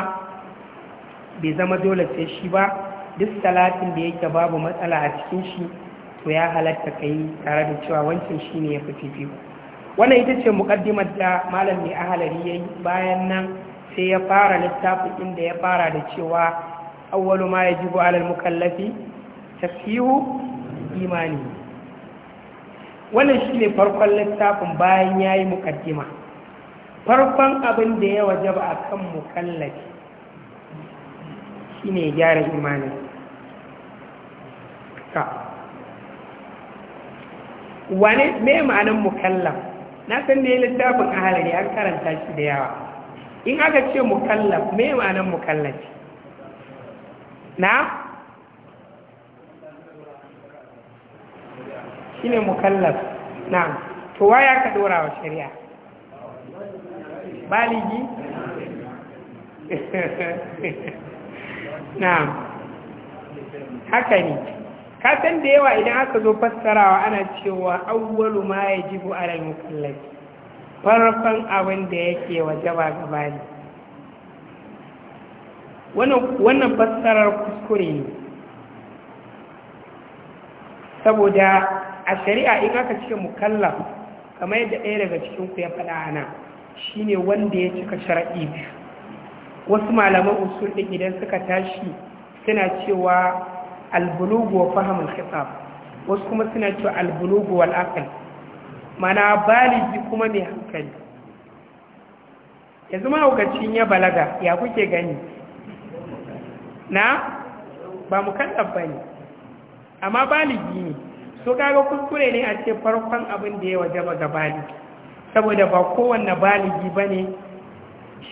Speaker 2: bai zama dole sai shi ba duk salatin da yake babu matsala a cikin shi to ya halatta ka yi tare da cewa wancan shi ne ya fi fifiko wannan ita ce muƙaddimar da malam mai ahalari ya yi bayan nan sai ya fara littafin inda ya fara da cewa awwalu ma ya jibo alal mukallafi tafiyu imani wannan shi ne farkon littafin bayan ya yi muƙaddima farkon abin da ya waje ba a kan mukallafi shi ne gyara imani ka wane me ma'anan mukallaf na san ne littafin ahalari an karanta shi da yawa in aka ce mukallaf me ma'anan mukallafi na
Speaker 1: shi ne mukallaf na
Speaker 2: to ya ka dora wa shari'a
Speaker 1: baligi na haka ne
Speaker 2: kasan da yawa idan aka zo fassarawa ana cewa awwalu ma yajibu a mukallafi farkon abin da yake wajaba gaba wannan fassarar kuskure ne saboda a shari'a in aka ce mukallaf kamar yadda ɗaya daga cikin ku ya faɗa ana shine wanda ya cika shara'i biyu wasu malaman usul ɗin idan suka tashi suna cewa albulugu wa fahimul khitab wasu kuma suna cewa albulugu wal aql mana baligi kuma mai hankali yanzu mahaukacin ya balaga ya kuke gani na ba mu kaddab ba ne amma baligi ne so kaga kuskure ne a ce farkon abin da ya waje ga baligi saboda ba kowanne baligi ba ne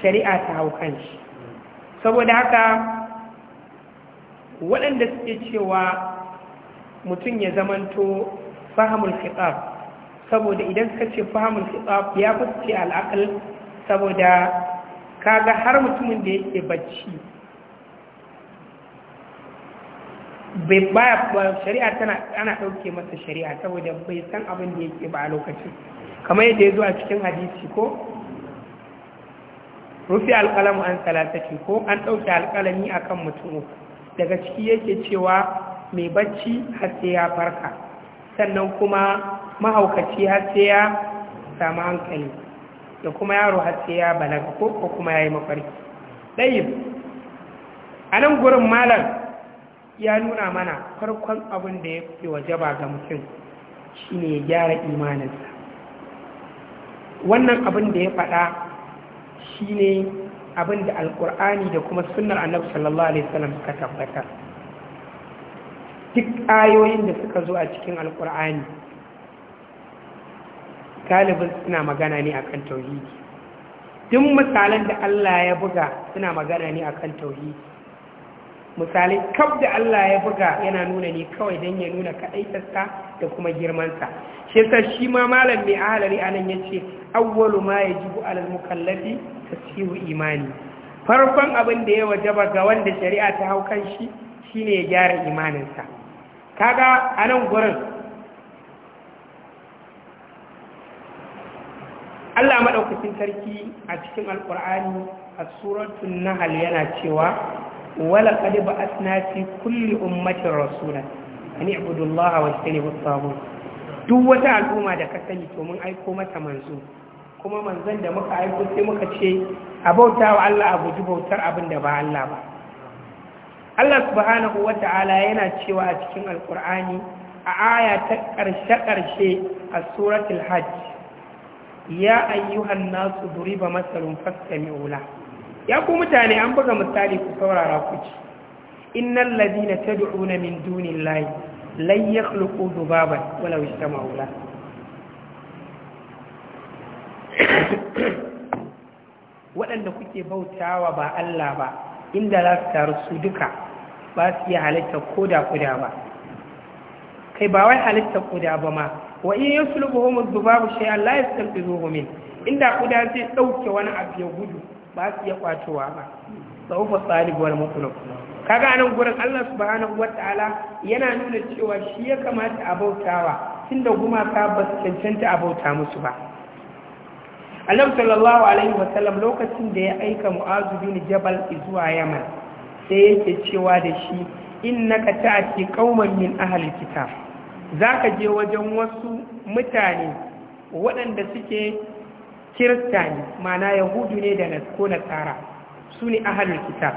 Speaker 2: shari'a ta hau kanshi saboda haka waɗanda suke cewa mutum ya zamanto fahimul khitab saboda idan suka ce fahimul khitab ya fuske al'akal saboda kaga har mutumin da yake bacci bai baya shari'a tana ana ɗauke masa shari'a saboda bai san abin da yake ba a lokacin kamar yadda ya zo a cikin hadisi ko rufi alƙalamu an salatati ko an ɗauke alƙalami akan mutum uku daga ciki yake cewa mai bacci har sai ya farka sannan kuma mahaukaci har sai ya samu hankali da kuma yaro har sai ya balaga ko kuma ya yi mafarki ɗayin a nan gurin malam ya nuna mana farkon abin da ya fi waje ba ga mutum shine ya gyara imaninsa wannan abin da ya faɗa ne. abin da alkur'ani da kuma sunar annabi sallallahu alaihi wasallam suka tabbatar duk ayoyin da suka zo a cikin alkur'ani galibin suna magana ne akan tauhidi duk misalan da Allah ya buga suna magana ne akan tauhidi misalai kaf da Allah ya buga yana nuna ne kawai don ya nuna kaɗaitarsa da kuma girmansa shi yasa shi ma malam mai ahalari anan yace awwalu ma yajibu alal mukallafi tasiru imani farkon abin da ya wajaba ga wanda shari'a ta hau kan shi shine ya gyara imaninsa kaga a nan gurin Allah maɗaukacin sarki a cikin alƙur'ani a suratun nahal yana cewa wala qad ba'athna fi kulli ummatin rasula an i'budu Allah wa istanibu duk wata al'umma da ka sani to aiko mata manzo kuma manzan da muka aiko sai muka ce a bauta wa Allah a guji bautar abin da ba Allah ba Allah subhanahu wa ta'ala yana cewa a cikin alkur'ani a aya ta ƙarshe-ƙarshe a suratul hajj ya ayyuhan nasu duriba masalun fastami'u wula. ya ku mutane an buga misali ku saurara ku ci innal ladina tad'una min dunillahi lan yakhluqu dhubaban walau istama'u lahu waɗanda kuke bautawa ba Allah ba inda za su taru su duka ba su yi halittar koda kuda ba kai ba wai halittar kuda ba ma wa iya yin sulubu homo dubabu shi Allah ya sulubu zuwa min inda kuda zai ɗauke wani abu ya gudu ba su iya kwatowa ba tsawufa tsaribuwar mutunuk kaga nan gurin Allah bahana wata'ala yana nuna cewa shi ya kamata a bautawa tunda gumaka ba su cancanta a bauta musu ba annabi sallallahu alaihi wasallam lokacin da ya aika mu'azu bin jabal zuwa yaman sai yake cewa da shi innaka ta'ti qauman min ahli kitab zaka je wajen wasu mutane waɗanda suke kirista ma'ana mana yahudu ne da nasko tsara su ne ahalul kitab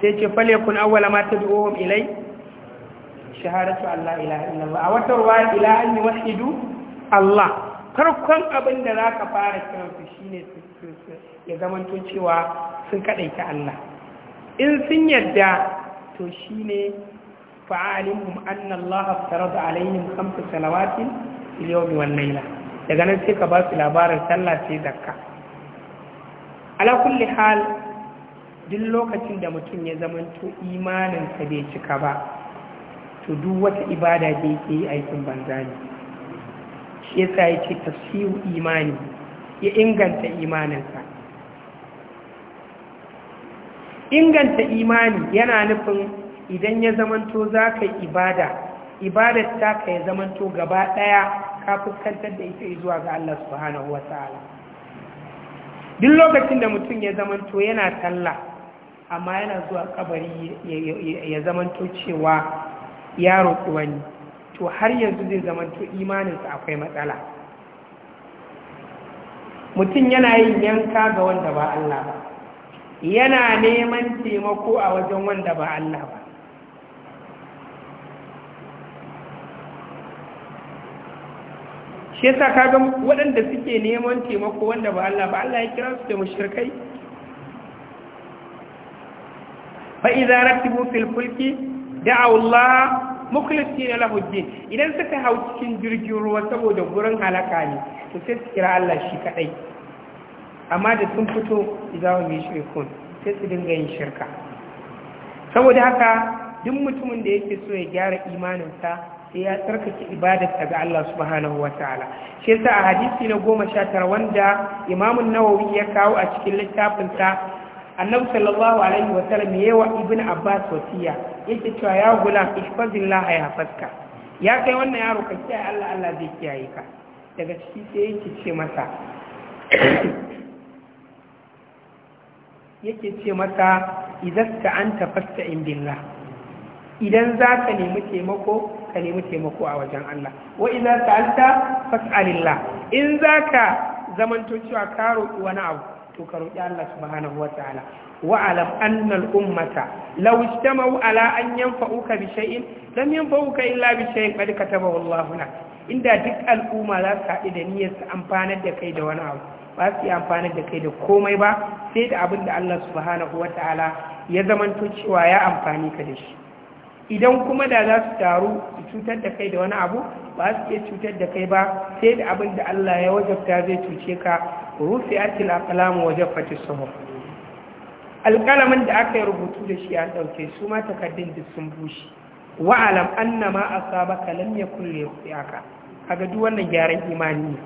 Speaker 2: sai ce fale kun awwala ma tad'uhum ilai shahadatu an la ilaha illallah a wata ila an Allah farkon abin da za ka fara kiransu shi ne ya zamanto cewa sun kaɗai ta Allah in sun yadda to shi ne fa'alimhum anna Allah da alaihim kamfi salawatin iliyomi wannan wal daga nan sai ka ba su labarin sallah sai zakka ala kulli hal duk lokacin da mutum ya zamanto imaninsa bai cika ba to duk wata ibada da yake yi aikin banza ya sa ya ce tafsiru imani ya inganta imaninsa inganta imani yana nufin idan ya zamanto za ka yi ibada ibadar taka ya zamanto gaba ɗaya ka fuskantar da ita zuwa ga Allah subhanahu wa ta'ala duk lokacin da mutum ya zamanto yana talla amma yana zuwa kabari ya zamanto cewa ya roƙi wani to har yanzu zai zamanto imaninsa akwai matsala mutum yana yin yanka ga wanda ba Allah ba yana neman taimako a wajen wanda ba Allah ba shi yasa kaga waɗanda suke neman taimako wanda ba Allah ba Allah ya kira su da mushrikai fa idza rakibu fil fulki da'u Allah mukhlisina lahu din idan suka hau cikin jirgin ruwa saboda gurin halaka ne to sai su kira Allah shi kadai amma da sun fito idan mu shirkun sai su dinga yin shirka saboda haka duk mutumin da yake so ya gyara imaninsa sai ya tsarkake ibadarsa ga Allah subhanahu wa ta'ala shi yasa a hadisi na goma sha tara wanda imamun nawawi ya kawo a cikin littafinsa annabi sallallahu alaihi wa sallam yawa ibn abbas wasiya yake cewa ya gulam ihfazillah ya hafaska ya kai wannan yaro ka kiyaye Allah Allah zai kiyaye ka daga ciki sai yake ce masa yake ce masa idaska an tafasta in billah idan za ka nemi taimako ka nemi taimako a wajen Allah wa idan sa'alta fas'alillah in za ka zamanto cewa ka wani abu to ka roƙi Allah subhanahu wataala wa alam annal ummata law istama'u ala an yanfa'uka bi shay'in lam yanfa'uka illa bi shay'in qad katabahu Allah lak inda duk al'umma za su haɗu da niyyar su amfanar da kai da wani abu ba su yi amfanar da kai da komai ba sai da abin da Allah subhanahu wataala ya zamanto cewa ya amfani ka da shi idan kuma da za su taru su cutar da kai da wani abu ba su iya cutar da kai ba sai da abin da Allah ya wajabta zai cuce ka rufi atil akalamu waje fati suhuf alƙalamin da aka yi rubutu da shi an ɗauke su ma takardun duk sun bushe wa'alam annama asabaka lam yakul liyaka kaga duk wannan gyaran imani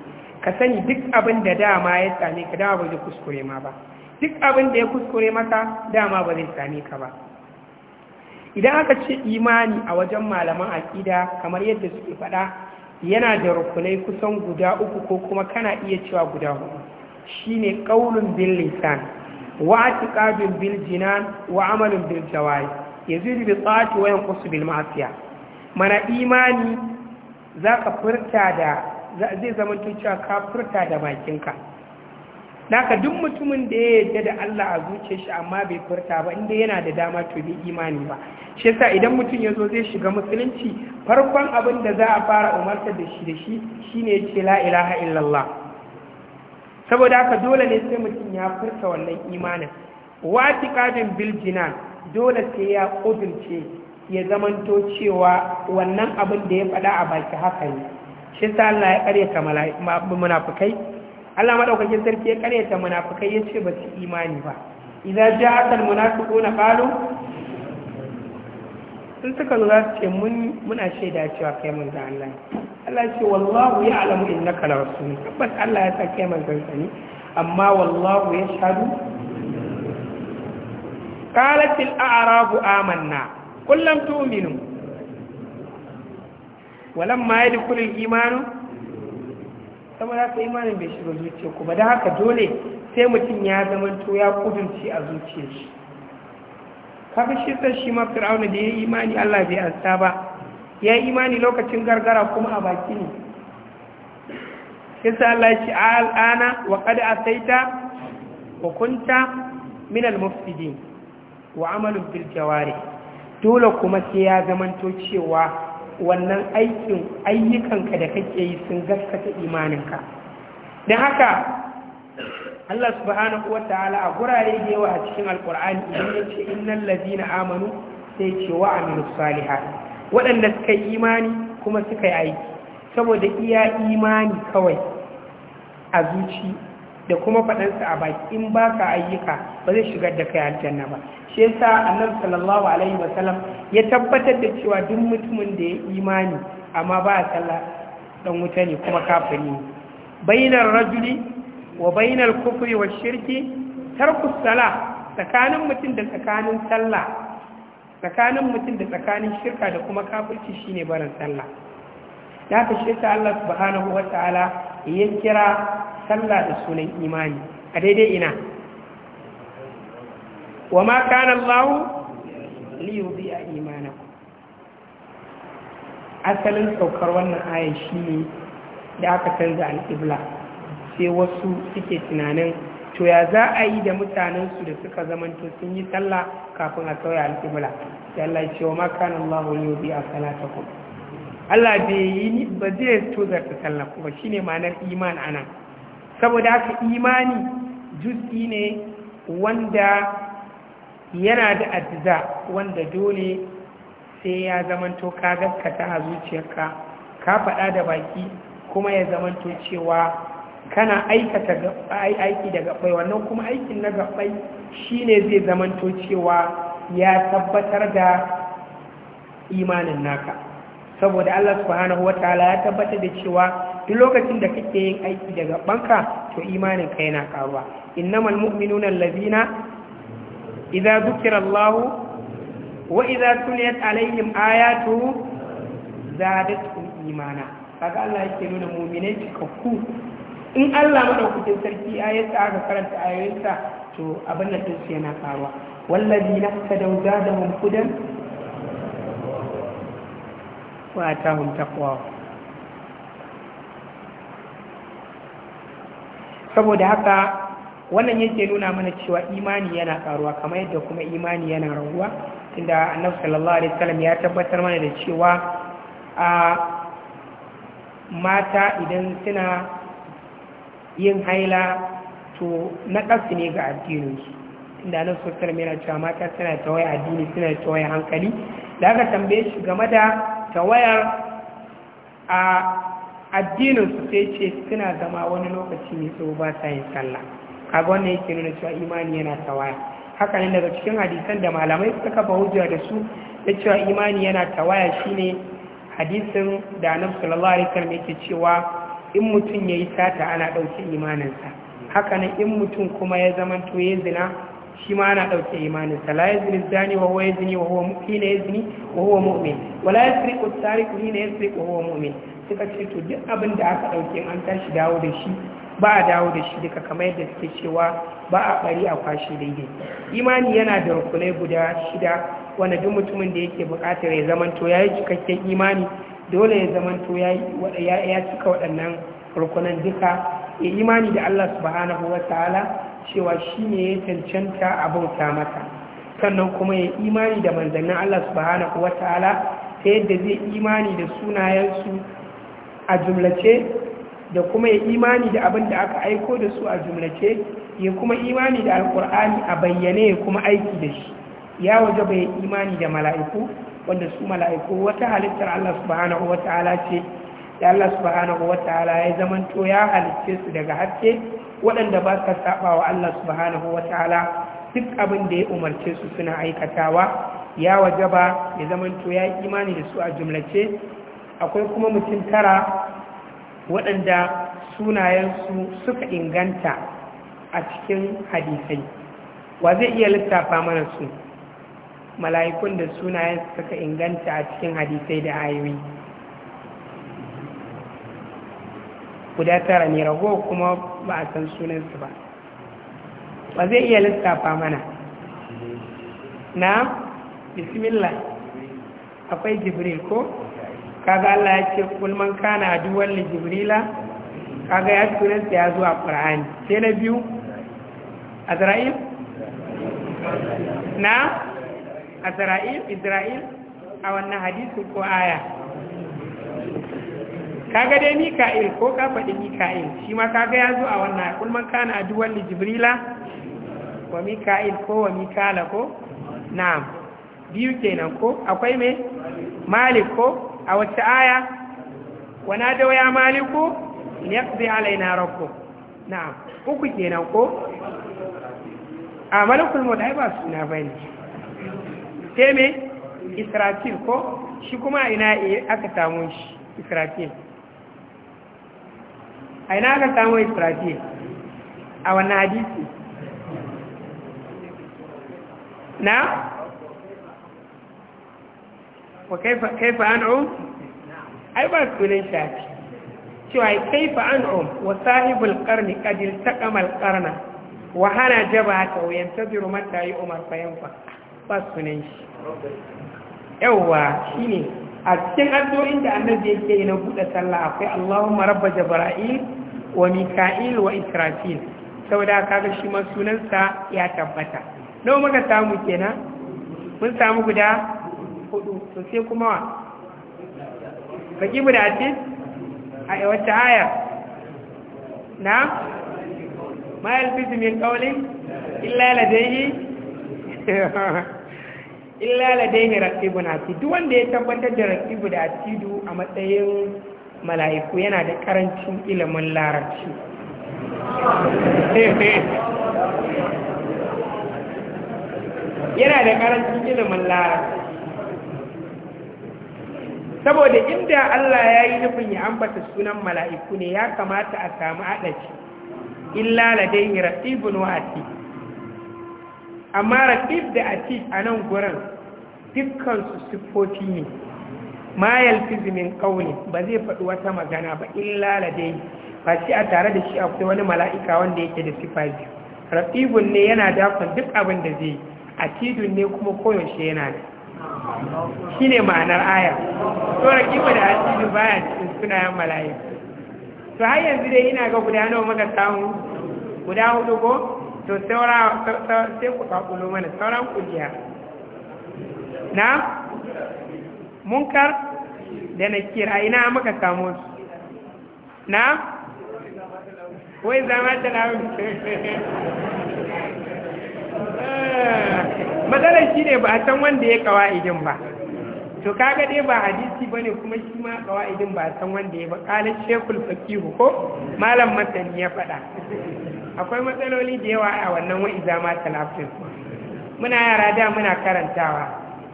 Speaker 2: ka sani duk abin da dama ya same ka dama ba zai kuskure ma ba duk abin da ya kuskure maka dama ba zai same ka ba idan aka ce imani a wajen malaman aƙida kamar yadda suke faɗa yana da rukunai kusan guda uku ko kuma kana iya cewa guda hudu shine qaulun bil lisan wa i'tiqadun bil jinan wa amalun bil jawari yazidu bi taati wa yanqusu bil ma'siya mana imani zaka furta da zai zama cewa ka furta da bakinka naka duk mutumin da ya yarda da Allah a zuciyar shi amma bai furta ba inda yana da dama to bai imani ba shi yasa idan mutum ya zo zai shiga musulunci farkon abin da za a fara umarta da shi da shi shine ya ce la ilaha illallah saboda haka dole ne sai mutum ya furta wannan imanin wati kafin biljina dole sai ya kudurce ya zamanto cewa wannan abin da ya fada a baki haka ne shi sa Allah ya karyata munafukai Allah madaukakin sarki ya karyata munafukai ya ce ba su imani ba idan ja'atal munafiquna qalu sun suka zuwa za su muna shaida cewa kai mun da Allah Allah ce wallahu ya alamu in naka rasu ne, tabbas Allah ya sa kai manzon amma wallahu ya shahadu Kalatil al a'rabu amanna kullum tuminu,
Speaker 1: Walan ma yi al imanu
Speaker 2: saboda haka imanin bai shiga zuciya ku ba da haka dole sai mutum ya to ya kudurci a zuciya shi Kafin shi sai shi mafi da da yi imani Allah bai ansa ba ya imani lokacin gargara kuma a baki ne yasa Allah al'ana wa kada asaita wa kunta min al wa amalun bil jawari dole kuma sai ya zamanto cewa wannan aikin ayyukanka da kake yi sun gaskata imaninka dan haka Allah subhanahu ta'ala a gurare da yawa a cikin alkur'ani idan ya ce innal ladina amanu sai ce wa amilus salihat waɗanda suka yi imani kuma suka yi aiki saboda iya imani kawai a zuci da kuma faɗansa a baki in ba ka ayyuka ba zai shigar da kai aljanna ba shi yasa sallallahu alaihi wasallam ya tabbatar da cewa duk mutumin da ya imani amma ba a tsalla dan wuta ne kuma kafin ne bainar rajuli wa bainar kufuri wa shirki tarkus sala tsakanin mutum da tsakanin sallah tsakanin mutum da tsakanin shirka da kuma kafirci shine barin sallah da haka shi ta Allah subhanahu wa ya kira sallah da sunan imani a daidai ina wa ma kana Allah li yudhi'a imanakum asalin saukar wannan aya shine da aka canza al sai wasu suke tunanin to ya za a yi da mutanensu da suka zamanto sun yi sallah kafin a sauya alƙibla sai Allah ya ce wa makana Allah wani yobi a salatakum Allah bai yi ni ba zai tozarta sallah ba shine ma'anar iman anan saboda haka imani juz'i ne wanda yana da addiza wanda dole sai ya zamanto ka gaskata a zuciyarka ka faɗa da baki kuma ya zamanto cewa kana aikata aiki da gabai wannan kuma aikin na gabai shine zai zamanto cewa ya tabbatar da imanin naka saboda Allah subhanahu wataala ya tabbatar da cewa duk lokacin da kake yin aiki da gabanka to imanin ka yana karuwa innamal mu'minuna allazina idza dhukira Allah wa idza tuliyat alaihim ayatu zadatuhum imana kaga Allah yake nuna mu'minai cikakku in Allah madaukakin sarki sa aka karanta a ayoyinsa to abin da din yana faruwa wallazi na tadau da hudan wa atahum taqwa saboda haka wannan yake nuna mana cewa imani yana karuwa kamar yadda kuma imani yana raguwa tunda annabi sallallahu alaihi wasallam ya tabbatar mana da cewa a mata idan suna yin haila to na ƙasa ne ga addininsu inda nan sosar yana cewa mata suna tawaye addini suna tawaye hankali da aka tambaye shi game da tawayar a addininsu sai ce suna zama wani lokaci ne tsawo ba sa yin sallah kaga wannan yake nuna cewa imani yana tawaya haka ne daga cikin hadisan da malamai suka kafa hujja da su da cewa imani yana tawaya shine hadisin da annabi sallallahu alaihi wasallam yake cewa in mutum ya yi sata ana ɗauke imaninsa hakanan in mutum kuma ya zamanto ya zina shi ma ana ɗauke imaninsa la ya zini zani wa huwa ya zini wa huwa hina ya zini wa huwa mu'min wa la ya tsari tariku hina ya siriku wa huwa mu'min suka ce to duk abin da aka ɗauke an tashi dawo da shi ba a dawo da shi duka kamar yadda suke cewa ba a ɓari a kwashe daidai imani yana da rukunai guda shida wanda duk mutumin da yake buƙatar ya to ya yi cikakken imani dole ya zamanto ya cika waɗannan rukunan duka ya imani da Allah subhanahu wa ta'ala cewa shi ne ya cancanta a bauta mata sannan kuma ya imani da manzannin Allah subhanahu wa ta'ala ta yadda zai imani da sunayensu a jumlace da kuma ya imani da abin da aka aiko da su a jumlace ya kuma imani da alkur'ani a bayyane ya kuma aiki da shi ya waje bai imani da mala'iku wanda su mala'iku wata halittar Allah subhanahu wa ta'ala ce da Allah subhanahu wa ta'ala ya zamanto ya halicce su daga haske waɗanda ba ka saba wa Allah subhanahu wa ta'ala duk abin da ya umarce su suna aikatawa ya waje ba ya to ya imani da su a jumlace akwai kuma mutum tara waɗanda sunayensu suka inganta a cikin hadisai wa zai iya littafa mana su mala'ikun da sunayen suka inganta a cikin hadisai da ayoyi guda tara ne rago kuma ba a san sunansu ba ba zai iya lissafa mana na bismillah akwai jibril ko kaga Allah ya ce kulman kana aduwar da jibrila kaga ya sunansa ya zuwa ƙur'ani, sai na biyu azra'il na azra'il isra'il a wannan hadisi ko aya kaga dai mika'il ko ka faɗi mika'il shi ma kaga ya zo a wannan kulman kana aduwan li jibrila wa mika'il ko wa mikala ko na'am biyu kenan ko akwai me malik ko a wacce aya wa da waya maliku liyaqdi alaina rabbuk na'am uku kenan ko a malakul ba suna bane teme israfil ko shi kuma ina aka samu shi israfil a ina aka samu israfil a wannan hadisi na wa kaifa um? ai ba sunan shafi cewa kaifa um wa sahibul qarni qad takamal al qarna wa hana ta, wa yantaziru mata yi umar fayanfa ba shi yawwa shine a cikin addu'o'in da annabi yake yi na buɗe sallah akwai Allahumma rabba jabra'il wa mika'il wa israfil saboda kaga shi ma sunansa ya tabbata nawa muka samu kenan mun samu guda hudu to kuma wa baki guda ce a eh, wata aya na ma yalfizu min qawlin
Speaker 1: illa yi?
Speaker 2: illa ladaini raqibun na. duk wanda ya tabbatar da raqibu da atidu a matsayin mala'iku yana da karancin ilimin larabci
Speaker 1: yana da karancin ilimin larabci
Speaker 2: saboda inda Allah ya yi nufin ya ambata sunan mala'iku ne ya kamata a samu adaci illa ladaini raqibun wa atid amma raƙib da atif a nan gurin dukkansu siffofi ne ma yalfizu min ƙauni ba zai faɗi wata magana ba illa lalade ba shi a tare da shi akwai wani mala'ika wanda yake da siffa biyu ne yana dakon duk abin da zai atidun ne kuma koyaushe yana da
Speaker 1: shi ne ma'anar aya to rakibu da atidu baya cikin
Speaker 2: sunayen mala'ika to har yanzu dai ina ga guda nawa muka samu guda hudu ko to saura sai ku faɓulo mana sauran kujiya na munkar da na kira ina muka samu su
Speaker 1: na wai zama ta lawun matsalar shi
Speaker 2: ne ba a san wanda ya kawa idin ba to kaga dai ba hadisi bane kuma shi ma kawa idin ba a san wanda ya ba kalar shekul fakihu ko malam masani ya faɗa akwai matsaloli da yawa a wannan wa'iza ma talafin muna yara da muna karantawa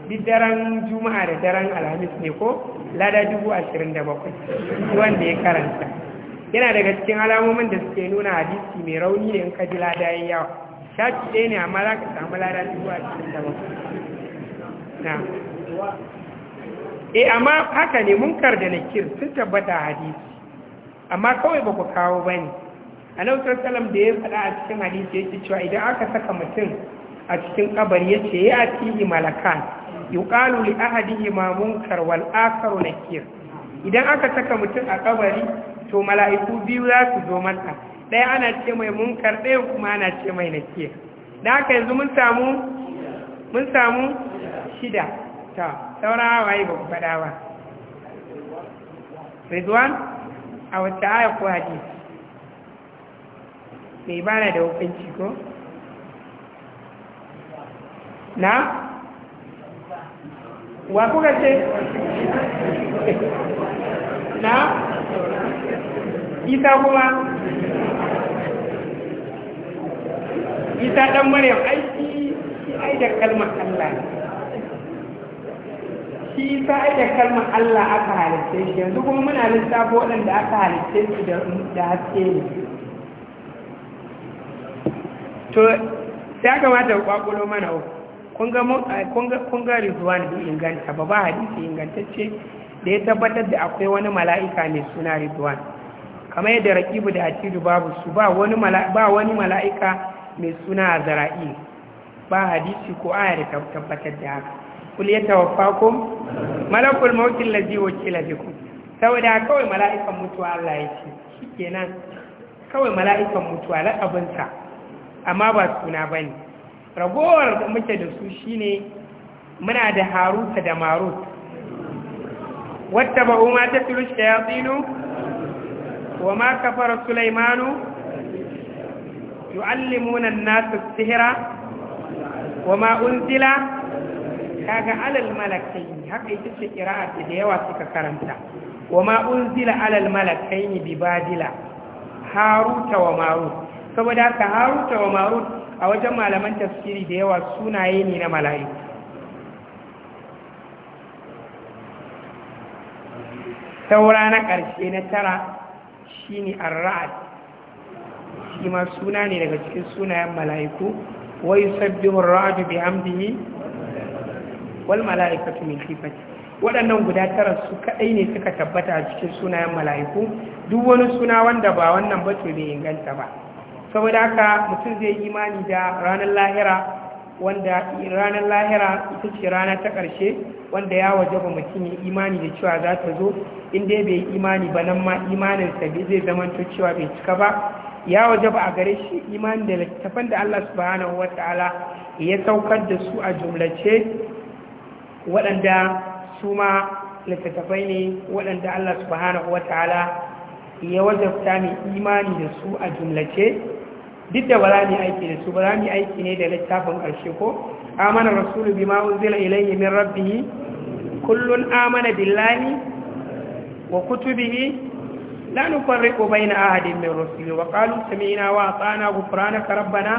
Speaker 2: duk daren juma'a da daren alhamis ne ko lada dubu ashirin da bakwai wanda ya karanta yana daga cikin alamomin da suke nuna hadisi mai rauni ne in ka ji lada ya yawa ci ɗaya ne amma za ka samu lada dubu ashirin da bakwai na
Speaker 1: e eh, amma haka ne
Speaker 2: munkar da kir sun tabbata hadisi amma kawai ba ku kawo ba ne annabi salam da ya faɗa a cikin hadisi ce cewa idan aka saka mutum a cikin kabari ce ya atihi malakan ƙalu li ahadihima munkar wal na kiyar idan aka saka mutum a kabari to mala'iku biyu za su zo mata ɗaya ana ce mai munkar ɗaya kuma ana ce mai kiyar da aka yanzu mun samu mun samu shida ta saurawa waye ba ku faɗa ba mai bara da hukunci ko na wa kuka ce na isa kuma
Speaker 1: isa mara maryam
Speaker 2: aiki ai da kalmar Allah
Speaker 1: shi isa ai da kalmar Allah aka
Speaker 2: halitta shi yanzu kuma muna lissafo waɗanda aka halitta su da haske ne to sai kamata ku kwakulo mana uku kun ga rizwan bi inganta ba ba hadisi ingantacce da ya tabbatar da akwai wani mala'ika mai suna rizwan kamar yadda rakibu da atidu babu su ba wani mala'ika mai suna a zara'i ba hadisi ko aya da tabbatar da haka kul ya tawaffakum malakul mautin lazi wakila bikum saboda kawai mala'ikan mutuwa Allah ya ce shikenan kawai mala'ikan mutuwa laƙabinsa amma ba suna ba ne ragowar da muke da su shine muna da haruta da marut wata ba umar ta ya shayatsinu wa ma kafara sulaimanu yu'allimuna nasu sihira
Speaker 1: wa ma unzila
Speaker 2: kaga alal malakai haka ita ce kira'ar da yawa suka karanta wa ma unzila alal malakai bi haruta wa marut saboda haka haruta wa marut a wajen malaman tafsiri da yawa sunaye ne na mala'iku saura na ƙarshe na tara shi ne arra'ad shi ma suna ne daga cikin sunayen mala'iku wai sabbihun ra'adu bi hamdihi wal mala'ikatu min kifati waɗannan guda tara su kaɗai ne suka tabbata a cikin sunayen mala'iku duk wani suna wanda ba wannan ba to bai inganta ba saboda haka mutum zai imani da ranar lahira wanda ranar lahira ita ce rana ta ƙarshe wanda ya waje ba mutum ya imani da cewa za ta zo inda bai imani ba nan ma imaninsa zai zamanto cewa bai cika ba ya waje ba a gare shi imani da littattafan da Allah subhanahu ta'ala ya saukar da su a jumlace waɗanda su ma littattafai ne waɗanda Allah subhanahu ta'ala ya wajabta mai imani da su a jumlace duk da ba za mu aiki da su ba za mu aiki ne da littafin ƙarshe ko amana rasulu bima unzila ilayhi min rabbih kullun amana billahi wa kutubihi la nufarriqu bayna ahadin min rusuli wa qalu sami'na wa ata'na ghufranaka rabbana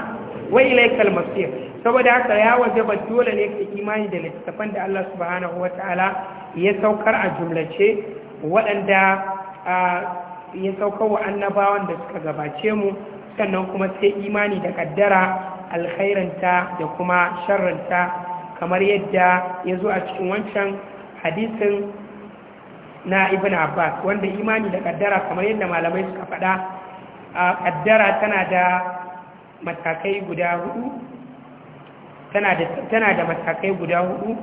Speaker 2: wa ilaykal masir saboda haka ya wajaba dole ne ka imani da littafan da Allah subhanahu wataala ya saukar a jumlace waɗanda ya saukar wa annabawan da suka gabace mu sannan kuma sai imani da kaddara alkhairanta da kuma sharranta kamar yadda ya zo a cikin wancan hadisin na ibn abbas wanda imani da kaddara kamar yadda malamai suka faɗa a kaddara tana da matakai guda hudu tana da matakai guda hudu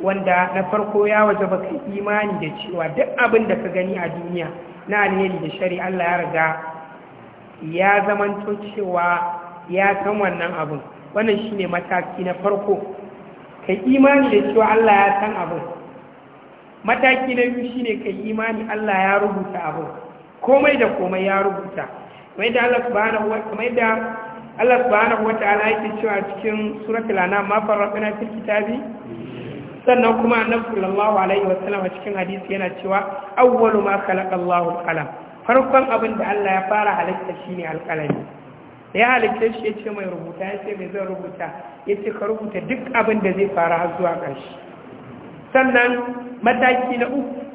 Speaker 2: wanda na farko ya waje baka imani da cewa duk abin da ka gani a duniya na alheri da shari'a, Allah ya riga ya zamanto cewa ya san wannan abin wannan shi ne mataki na farko ka imani da cewa Allah ya san abin mataki na biyu shi ne ka imani Allah ya rubuta abin komai da komai ya rubuta kamar da Allah subhanahu wa ta'ala yake cewa cikin suratul anam ma na fil kitabi sannan kuma annabi sallallahu alaihi wasallam a cikin hadisi yana cewa awwalu ma khalaqa Allahu al-qalam farkon abin da Allah ya fara halitta shine alƙalami da ya halitta shi ya ce mai rubuta ya ce mai zan rubuta ya ce ka rubuta duk abin da zai fara har zuwa ƙarshe sannan mataki na uku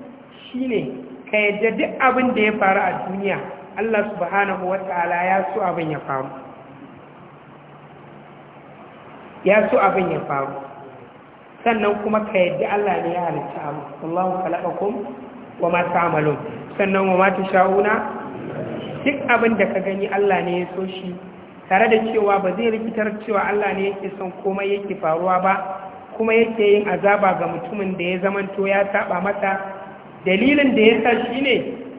Speaker 2: shine ka yadda duk abin da ya faru a duniya Allah subhanahu wa ta'ala ya so abin ya faru ya so abin ya faru sannan kuma ka yadda Allah ne ya halitta abu Allahu khalaqakum wa ma ta'malun sannan wa mata sha'una duk abin da ka gani Allah ne ya so shi tare da cewa ba zai rikitar cewa Allah ne yake son komai yake faruwa ba kuma yake yin azaba ga mutumin da ya to ya saba mata dalilin da ya sa shi ne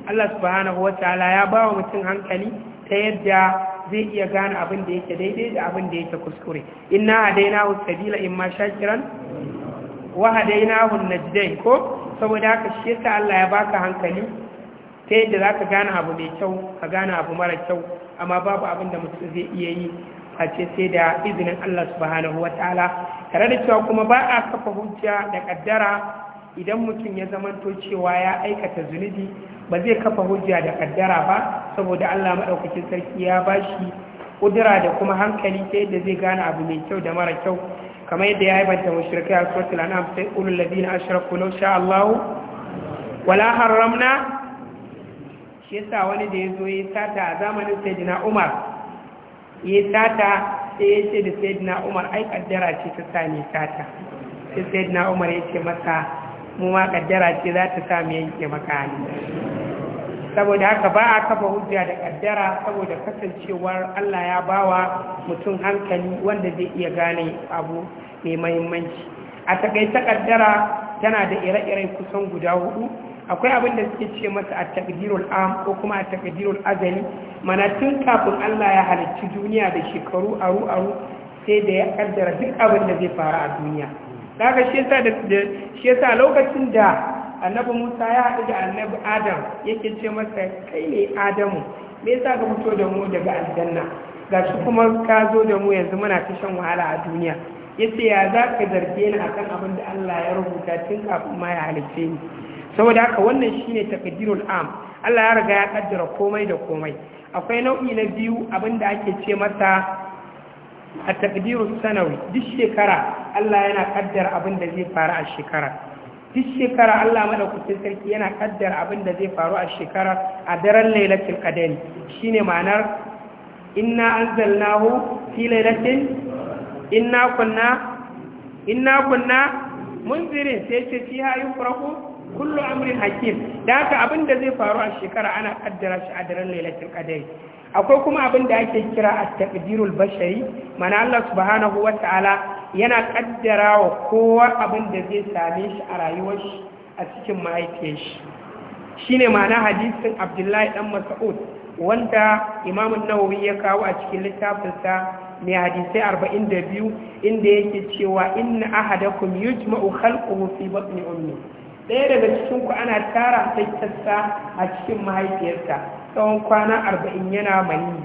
Speaker 2: Allah subhanahu wataala ya ba wa mutum hankali ta yadda zai iya gane abin da yake daidai da abin da yake kuskure inna hadainahu sabila imma shakiran wa hadainahu najdain ko saboda haka shi yasa Allah ya baka hankali ta yadda za ka gane abu mai kyau ka gane abu mara kyau amma babu abin da mutum zai iya yi a ce sai da izinin Allah subhanahu wa ta'ala tare da cewa kuma ba a kafa hujja da kaddara idan mutum ya zamanto cewa ya aikata zunubi ba zai kafa hujja da kaddara ba saboda Allah madaukakin sarki ya bashi kudura da kuma hankali ta yadda zai gane abu mai kyau da mara kyau kamar yadda ya haibanta mushrikai a suratul an'am sai ulul ladina ashraku law sha Allah wala haramna shi yasa wani da ya zo ya sata a zamanin sayyidina umar ya sata sai ya ce da sayyidina umar ai kaddara ce ta sami sata sai sayyidina umar ya ce masa mu ma kaddara ce za ta sami yanke maka hannu saboda haka ba a kafa hujja da kaddara saboda kasancewar Allah ya bawa mutum hankali wanda zai iya gane abu mai mahimmanci a takaita kaddara tana da ire-iren kusan guda hudu akwai abin da suke ce masa a takdirul am ko kuma a takdirul azali mana tun kafin Allah ya halarci duniya da shekaru aru aru sai da ya kaddara duk abin da zai faru a duniya daga shi yasa da lokacin da annabi Musa ya haɗu da annabi Adam yake ce masa kai ne Adamu me yasa ka fito da mu daga aljanna gashi kuma ka zo da mu yanzu muna ta shan wahala a duniya yace ya za ka zarge ni akan abin da Allah ya rubuta tun kafin ma ya halicce ni saboda haka wannan shine taqdirul am Allah ya riga ya kaddara komai da komai akwai nau'i na biyu abinda ake ce masa a taqdirus sanawi duk shekara Allah yana kaddara abin da zai faru a shekara duk shekara Allah madaukakin sarki yana kaddara abin da zai faru a shekara a daren lailatul qadr shine ma'anar inna anzalnahu fi lailatin inna kunna inna kunna munzirin sai ce fiha yufrahu kullum amrin hakim da haka abin da zai faru a shekara ana kaddara shi a daren lailatul qadari akwai kuma abin da ake kira at-taqdirul bashari mana Allah subhanahu wataala yana kaddara wa kowa abin da zai same shi a rayuwar shi a cikin mahaifiyar shi shine ma'ana hadisin Abdullahi dan Mas'ud wanda Imam An-Nawawi ya kawo a cikin littafinsa mai hadisai arba'in da biyu inda yake cewa inna ahadakum yujma'u khalquhu fi batni ummi ɗaya daga cikin ku ana tara tassa a cikin mahaifiyarsa tsawon kwana arba'in yana mani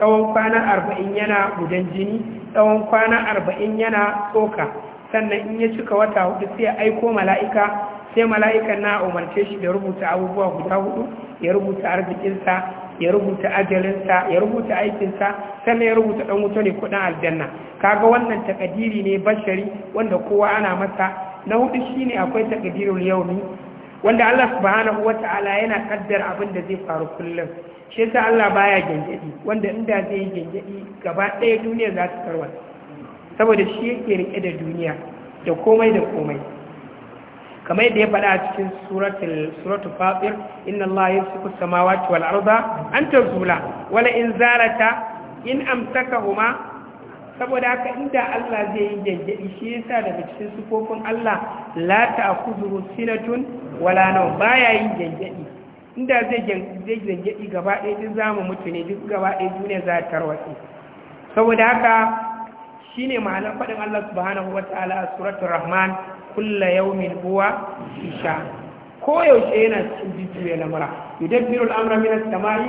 Speaker 2: tsawon kwana arba'in yana gudan jini tsawon kwana arba'in yana tsoka sannan in ya cika wata hudu sai ya aiko mala'ika sai mala'ikan na umarce shi da rubuta abubuwa guda hudu ya rubuta arzikinsa ya rubuta ajalinsa ya rubuta aikinsa sannan ya rubuta ɗan wuta ne kudin aljanna kaga wannan takadiri ne bashari wanda kowa ana masa na hudu shi ne akwai yau yaumi wanda Allah subhanahu wa ta'ala yana kaddar abin da zai faru kullum shi yasa Allah baya gengedi wanda inda zai yi gengedi gaba ɗaya duniya za ta tarwa saboda shi yake rike da duniya da komai da komai kamar yadda ya faɗa cikin suratul suratul fatir inna Allah yamsiku samawati wal arda an tazula wala in zalata in amsakahuma saboda haka inda Allah zai yi gyangyaɗi shi yasa daga cikin sufofin Allah la ta'khudhu sinatun wala nawm baya yin gyangyaɗi inda zai gyangyaɗi gaba ɗaya duk zamu mutu ne duk gaba ɗaya duniya za ta tarwatse saboda haka shine ma'anar faɗin Allah subhanahu wata'ala a suratul rahman kullu yawmin huwa isha ko koyaushe yana cikin jujjuya lamura yudabbiru al-amra min as-sama'i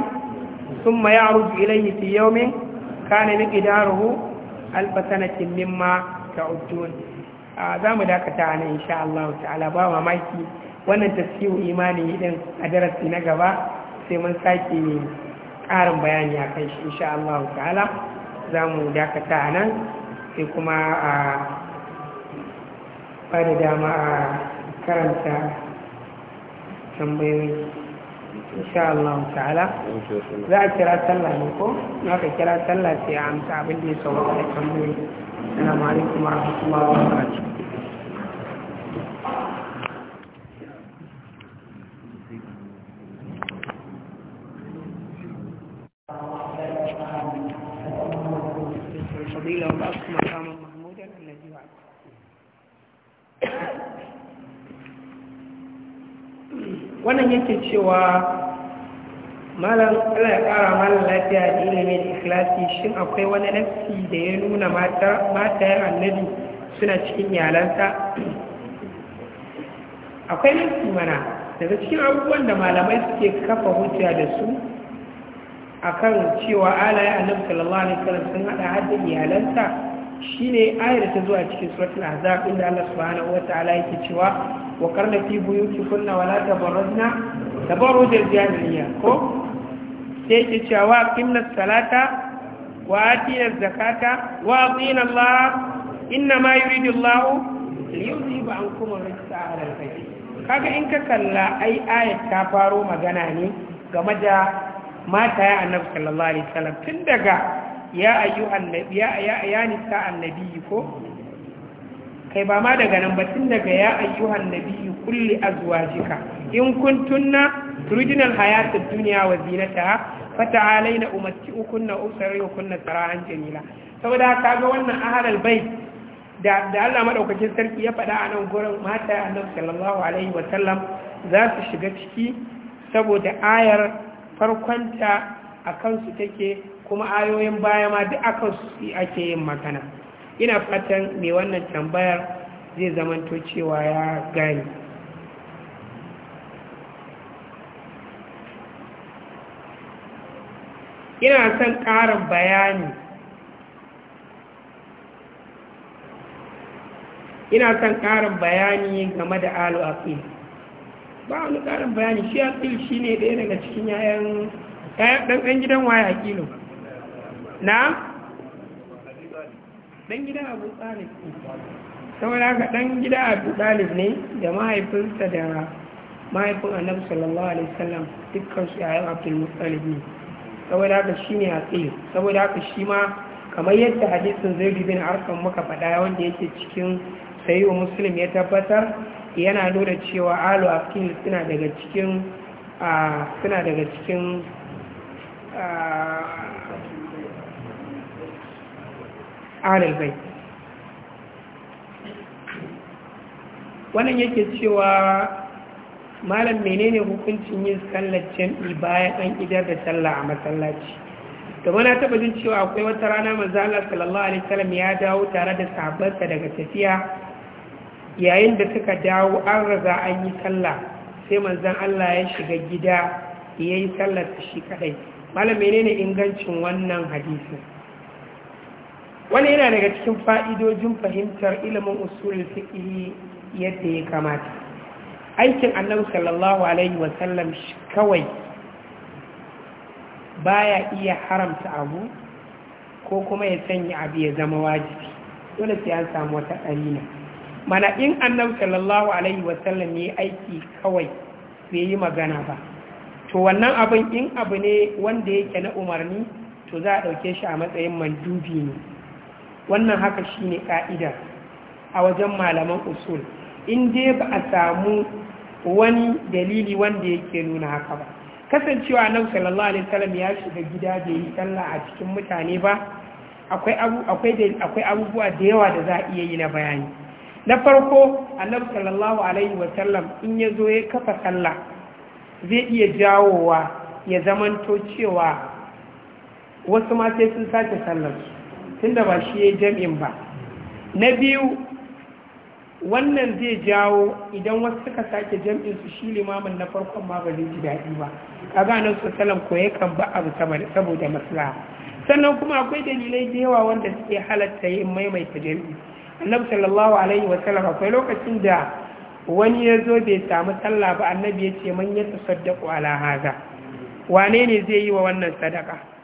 Speaker 2: thumma ya'rudu ilayhi fi yawmin kana idaruhu alfa sanatin mimma ta'udun za mu dakata nan insha Allah ta'ala ba mamaki wannan tafsiru imani din a darasi na gaba sai mun sake karin bayani a kan shi insha Allah ta'ala za mu dakata nan sai kuma a ba da dama a karanta tambayoyi إن شاء الله تعالى لا ترى سلا نكو ناك ترى سلا في عام تعبدني صلى الله عليه وسلم السلام عليكم ورحمة الله وبركاته
Speaker 1: الفضيلة والأخ مقام wannan yake
Speaker 2: cewa malam Allah ya kara malam lafiya da ilimin ikhlasi shin akwai wani nafsi da ya nuna mata matayen annabi suna cikin iyalansa akwai nafsi mana daga cikin abubuwan da malamai suke kafa hujja da su a kan cewa alaye annabi sallallahu alaihi wasallam sun hada hadda iyalansa shine ayar ta zuwa cikin suratul ahzab inda Allah subhanahu wataala yake cewa wa karna fi buyuti kunna wala tabarrajna tabarruj al-jahiliyya ko sai ke cewa qimna salata wa atiya zakata wa atina Allah inna ma yuridu Allah liyuzhiba ankum ar-rijsa ahla al-bayt kaga in ka kalla ai ayat ta faro magana ne game da mata ya annabi sallallahu tun daga ya ayyuhan ko kai ba ma daga nan batun daga ya ayyuhan a kulli jika in kuntunna original hayatar duniya wa zinata zinataha fata'alaina umatti'ukunna tsara sarahan jamila saboda ga wannan ahalar bait da da Allah madaukakin sarki ya faɗa a nan gurin mata annabi sallallahu alaihi wa sallam za su shiga ciki saboda ayar farkonta akan su take kuma ayoyin baya ma duk akan su ake yin magana ina fatan mai wannan tambayar zai zamanto cewa ya gani ina son ƙarin bayani ina son karin bayani game da alu aqil ba wani karin bayani shi shi shine daya daga cikin yayan ɗan gidan waya kilo na
Speaker 1: dan abu talib
Speaker 2: saboda haka dan gida abu talib ne da mahaifinsa da mahaifin annabi sallallahu alaihi wasallam dukkan su yayin abdul muttalib ne saboda haka shi ne aqil saboda haka shi ma kamar yadda hadisin zaid bin arqam muka faɗa wanda yake cikin wa muslim ya tabbatar yana nuna cewa alu aqil suna daga cikin suna daga cikin alal bai wannan yake cewa malam menene hukuncin yin sallar jami'i bayan an idar da sallah a masallaci domin na taɓa jin cewa akwai wata rana manzo Allah sallallahu alaihi wasallam ya dawo tare da sahabbansa daga tafiya yayin da suka dawo an raga an yi sallah sai manzon Allah ya shiga gida yayi sallar shi kadai malam menene ingancin wannan hadisi wani yana daga cikin fa'idojin fahimtar ilimin usulun fiqh yadda ya kamata aikin annabi sallallahu alaihi wasallam kawai baya iya haramta abu ko kuma ya sanya abu ya zama wajibi dole sai an samu wata ɗarina mana in annabi sallallahu alaihi wasallam ya aiki kawai bai yi magana ba to wannan abin in abu ne wanda yake na umarni to za a ɗauke shi a matsayin mandubi ne wannan haka shi ne ƙa'idar a wajen malaman usul in dai ba a samu wani dalili wanda yake nuna haka ba kasancewa nan sallallahu alaihi wasallam ya shiga gida da yi sallah a cikin mutane ba akwai abubuwa da yawa da za a iya yi na bayani na farko annabi sallallahu alaihi wasallam in ya zo ya kafa sallah zai iya jawowa ya zamanto cewa wasu ma sai sun sace sallar su tunda ba shi ya jam'in ba na biyu wannan zai jawo idan wasu suka sake jam'in su shi limamin na farkon ma ba ji daɗi ba a ganin su salam ko yakan ba abu saboda maslaha sannan kuma akwai dalilai da yawa wanda suke halatta yin maimaita jam'i annabi sallallahu alaihi wa akwai lokacin da wani ya zo bai samu sallah ba annabi ya ce man ya tasaddaqu ala haza wane ne zai yi wa wannan sadaka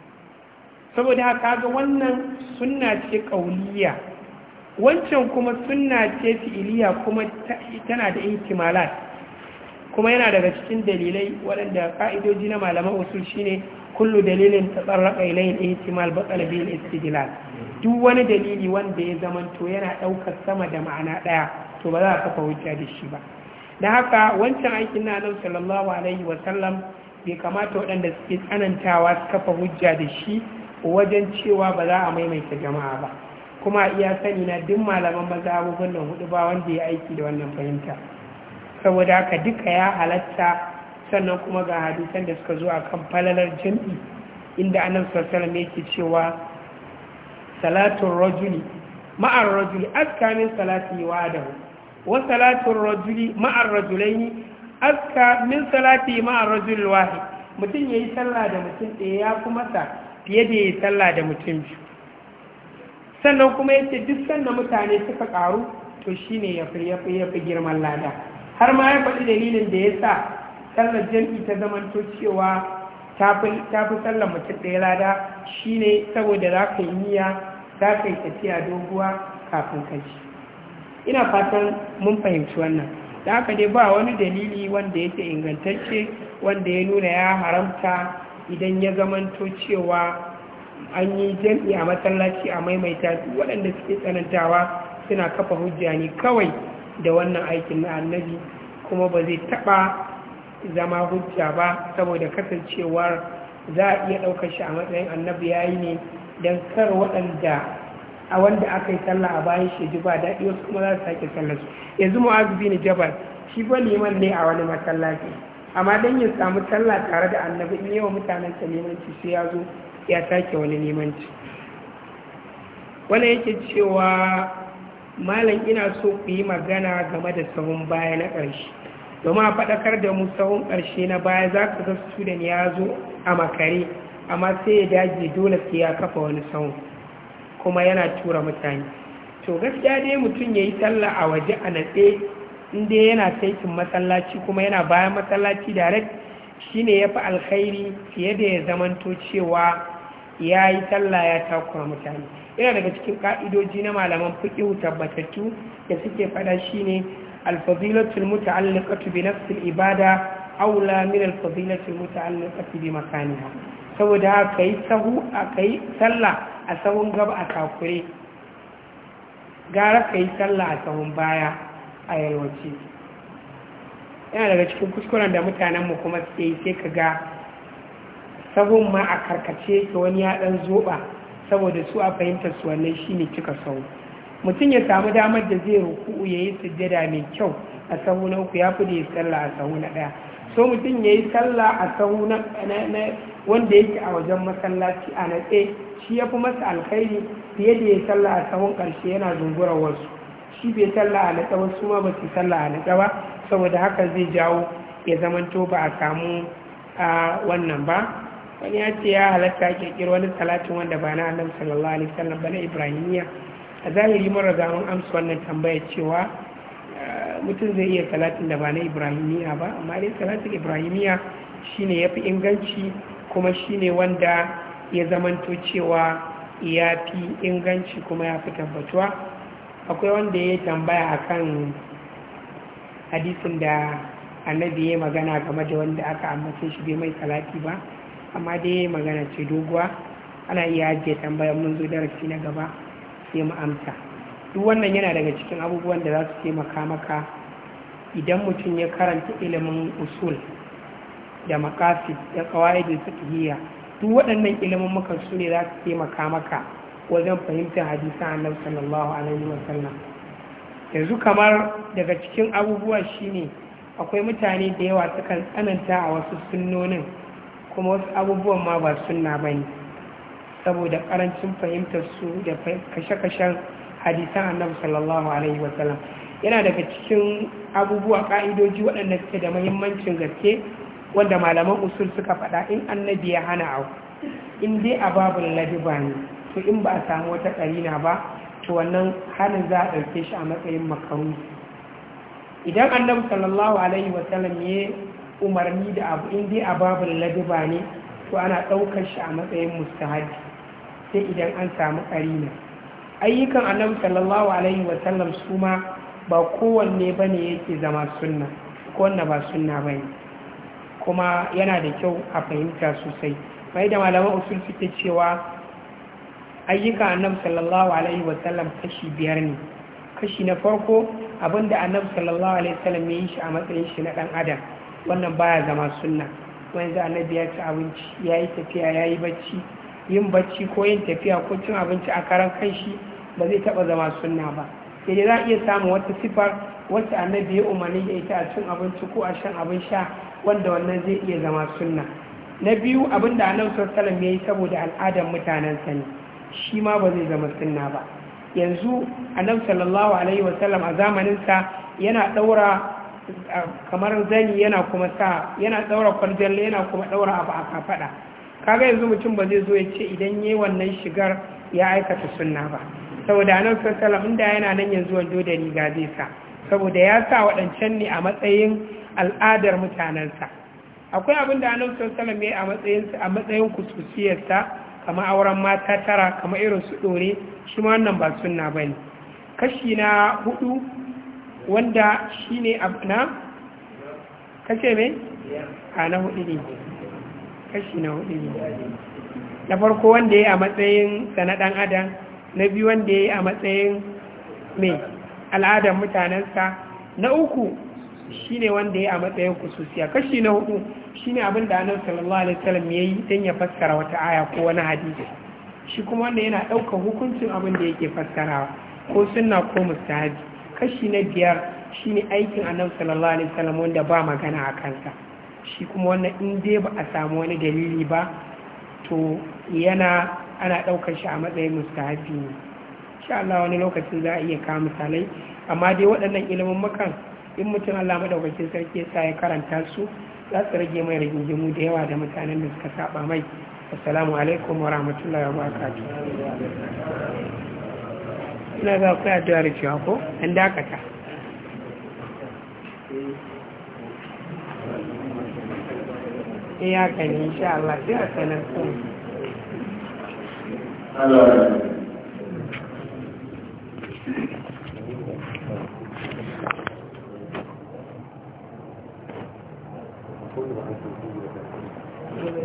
Speaker 2: saboda haka ga wannan sunna ce kauliya wancan kuma sunna ce fi'iliya kuma tana da ihtimalat kuma yana daga cikin dalilai waɗanda ka'idoji na malaman usul shine kullu dalilin tatsarraka ilayhi ihtimal batal bil istidlal duk wani dalili wanda ya zamanto yana ɗaukar sama da ma'ana ɗaya to ba za ka kafa hujja da shi ba da haka wancan aikin na annabi sallallahu alaihi wa sallam bai kamata waɗanda suke tsanantawa su kafa hujja da shi wajen cewa ba za a maimaita jama'a ba kuma a iya sani na duk malaman maza abubuwan nan hudu ba wanda ya aiki da wannan fahimta saboda haka duka ya halatta sannan kuma ga hadisan da suka zo akan falalar jami'i inda annabi sallallahu ne yake cewa salatun rajuli ma'ar rajuli aska min salati wa'adahu wa salatun rajuli ma'ar rajulaini aska min salati ma'ar rajulil wahid mutum yayi sallah da mutum ɗaya ya kuma sa fiye da ya yi sallah da mutum biyu sannan kuma ya ce duk sannan mutane suka ƙaru to shi ne ya fi girman lada har ma ya faɗi dalilin da ya sa sallar jam'i ta to cewa ta fi sallar mutum ɗaya lada shi ne saboda za ka yi niyya za ka yi tafiya doguwa kafin ka ina fatan mun fahimci wannan da haka dai ba wani dalili wanda yake ingantacce wanda ya nuna ya haramta idan ya zamanto cewa an yi jam'i a masallaci a maimaita su waɗanda suke tsanantawa suna kafa hujja ne kawai da wannan aikin na annabi kuma ba zai taɓa zama hujja ba saboda kasancewar za a iya ɗaukar shi a matsayin annabi ya yi ne don kar waɗanda a wanda aka yi sallah a bayan shi ba daɗi wasu kuma za su sake sallar yanzu mu'azu bin jabal shi ba liman ne a wani masallaci amma don ya samu sallah tare da annabi in yawa mutanen sa nemanci sai ya zo ya sake wani nemanci wani yake cewa malam ina so ku yi magana game da sahun baya na ƙarshe domin a faɗakar da mu sahun ƙarshe na baya za ka ga student ya zo a makare amma sai ya dage dole sai ya kafa wani sahun kuma yana tura mutane to gaskiya dai mutum ya yi sallah a waje a natse in dai yana saitin masallaci kuma yana bayan masallaci direct shine ya fi alkhairi fiye da ya zamanto cewa ya yi talla ya takura mutane yana daga cikin ka'idoji na malaman fiƙihu tabbatattu da suke fada shine alfazilatul muta'alliqatu bi nafsil ibada aula min alfazilatul muta'alliqatu bi makaniha saboda haka yi sahu akai sallah a sahun gaba a takure gara kai sallah a sahun baya a yalwace yana daga cikin kuskuren da mutanenmu kuma suke yi sai ka ga sahun ma a karkace ka wani ya ɗan saboda su a fahimtar su wannan shi ne cika sau mutum ya samu damar da zai ruku'u ya yi sujjada mai kyau a sahu na uku ya fi da ya sallah a sahu na ɗaya so mutum ya yi sallah a sahu na wanda yake a wajen masallaci a natse shi ya fi masa alkhairi fiye da ya sallah a sahun karshe yana zungurar wasu shi bai salla a natsa ba su ma ba su salla a ba saboda haka zai jawo ya zamanto ba a samu a wannan ba wani ya ce ya halatta kirkiro wani talatin wanda ba na annabi sallallahu alaihi wasallam ba na ibrahimiya a zahiri mara zaman amsa wannan tambaya cewa mutum zai iya talatin da ba na ibrahimiya ba amma dai shi ibrahimiya shine fi inganci kuma shine wanda ya zamanto cewa ya fi inganci kuma ya fi tabbatuwa akwai wanda ya tambaya akan hadisin da annabi ya magana game da wanda aka ambace shi bai mai salati ba amma dai ya magana ce doguwa ana iya ajiye tambaya mun zo darasi na gaba sai mu amsa duk wannan yana daga cikin abubuwan da za su taimaka maka idan mutum ya karanta ilimin usul da makasi da kawai da duk waɗannan ilimin muka su ne za su taimaka maka wajen fahimtar a nan sallallahu alaihi wasallam yanzu kamar daga cikin abubuwa shine akwai mutane da yawa sukan tsananta a wasu sunnonin kuma wasu abubuwan ma ba sunna ba ne saboda karancin fahimtar su da kashe-kashen hadisan annabi sallallahu alaihi wasallam yana daga cikin abubuwa ka'idoji waɗanda suke da mahimmancin gaske wanda malaman usul suka faɗa in annabi ya hana abu in dai a babu ladiba ne to in ba a samu wata ƙarina ba to wannan hannun za a ɗauke shi a matsayin makaru idan annabi sallallahu alaihi wasallam ya umarni da abu in dai a babin ba ne to ana ɗaukar shi a matsayin Mustahadi sai idan an samu ƙarina ayyukan annabi sallallahu alaihi wasallam su ma ba kowanne ba ne yake zama sunna wanda ba sunna ba kuma yana da kyau a fahimta sosai bai da malaman usul suke cewa ayyuka annabi sallallahu alaihi wa sallam kashi biyar ne kashi na farko abinda annabi sallallahu alaihi sallam ya yi shi a matsayin shi na dan adam wannan baya zama sunna yanzu annabi ya ci abinci ya yi tafiya ya yi bacci yin bacci ko yin tafiya ko cin abinci a karan kanshi ba zai taba zama sunna ba sai dai za a iya samun wata sifar wacce annabi ya umarni ya ita a cin abinci ko a shan abin sha wanda wannan zai iya zama sunna na biyu abinda annabi sallallahu alaihi wa sallam ya yi saboda al'adar mutanen sani shi ma ba zai zama sunna ba yanzu annabi sallallahu alaihi wasallam a zamaninsa yana daura kamar zani yana kuma sa yana daura kwarjalle yana kuma daura abu a kafaɗa kaga yanzu mutum ba zai zo ya ce idan ya yi wannan shigar ya aikata sunna ba saboda annabi sallallahu alaihi wasallam yana nan yanzu wando da riga zai sa saboda ya sa waɗancan ne a matsayin al'adar mutanensa akwai abin da annabi sallallahu alaihi wasallam ya yi a matsayin a matsayin kususiyarsa kama auren mata tara kama irin su dore shi ma wannan ba sunna ba ne kashi na hudu wanda shi ne na kashe mai? a na hudu ne kashi na hudu ne na farko wanda ya yi a matsayin sana ɗan adam na biyu wanda ya yi a matsayin mai al'adar mutanensa na uku ne wanda ya a matsayin kususiya kashi na hudu shine abin da annabi sallallahu alaihi wasallam yayi dan ya fassara wata aya ko wani hadisi shi kuma wanda yana ɗaukar hukuncin abin da yake fassarawa ko sunna ko mustahabi kashi na biyar ne aikin annabi sallallahu alaihi wasallam wanda ba magana a kansa shi kuma wannan in dai ba a samu wani dalili ba to yana ana ɗaukar shi a matsayin mustahabi ne insha Allah wani lokacin za a iya kawo misalai amma dai waɗannan ilimin makan in mutum Allah madaukakin sarki ya sa ya karanta su za su rage mai rigingimu da yawa da mutanen da suka saba mai assalamu alaikum wa rahmatullahi wa
Speaker 1: barakatuh
Speaker 2: ina ga akwai addu'a da cewa ko an dakata in ya kan insha Allah sai a sanar kun
Speaker 1: Allah كلها أنتم فيه وتنفيذ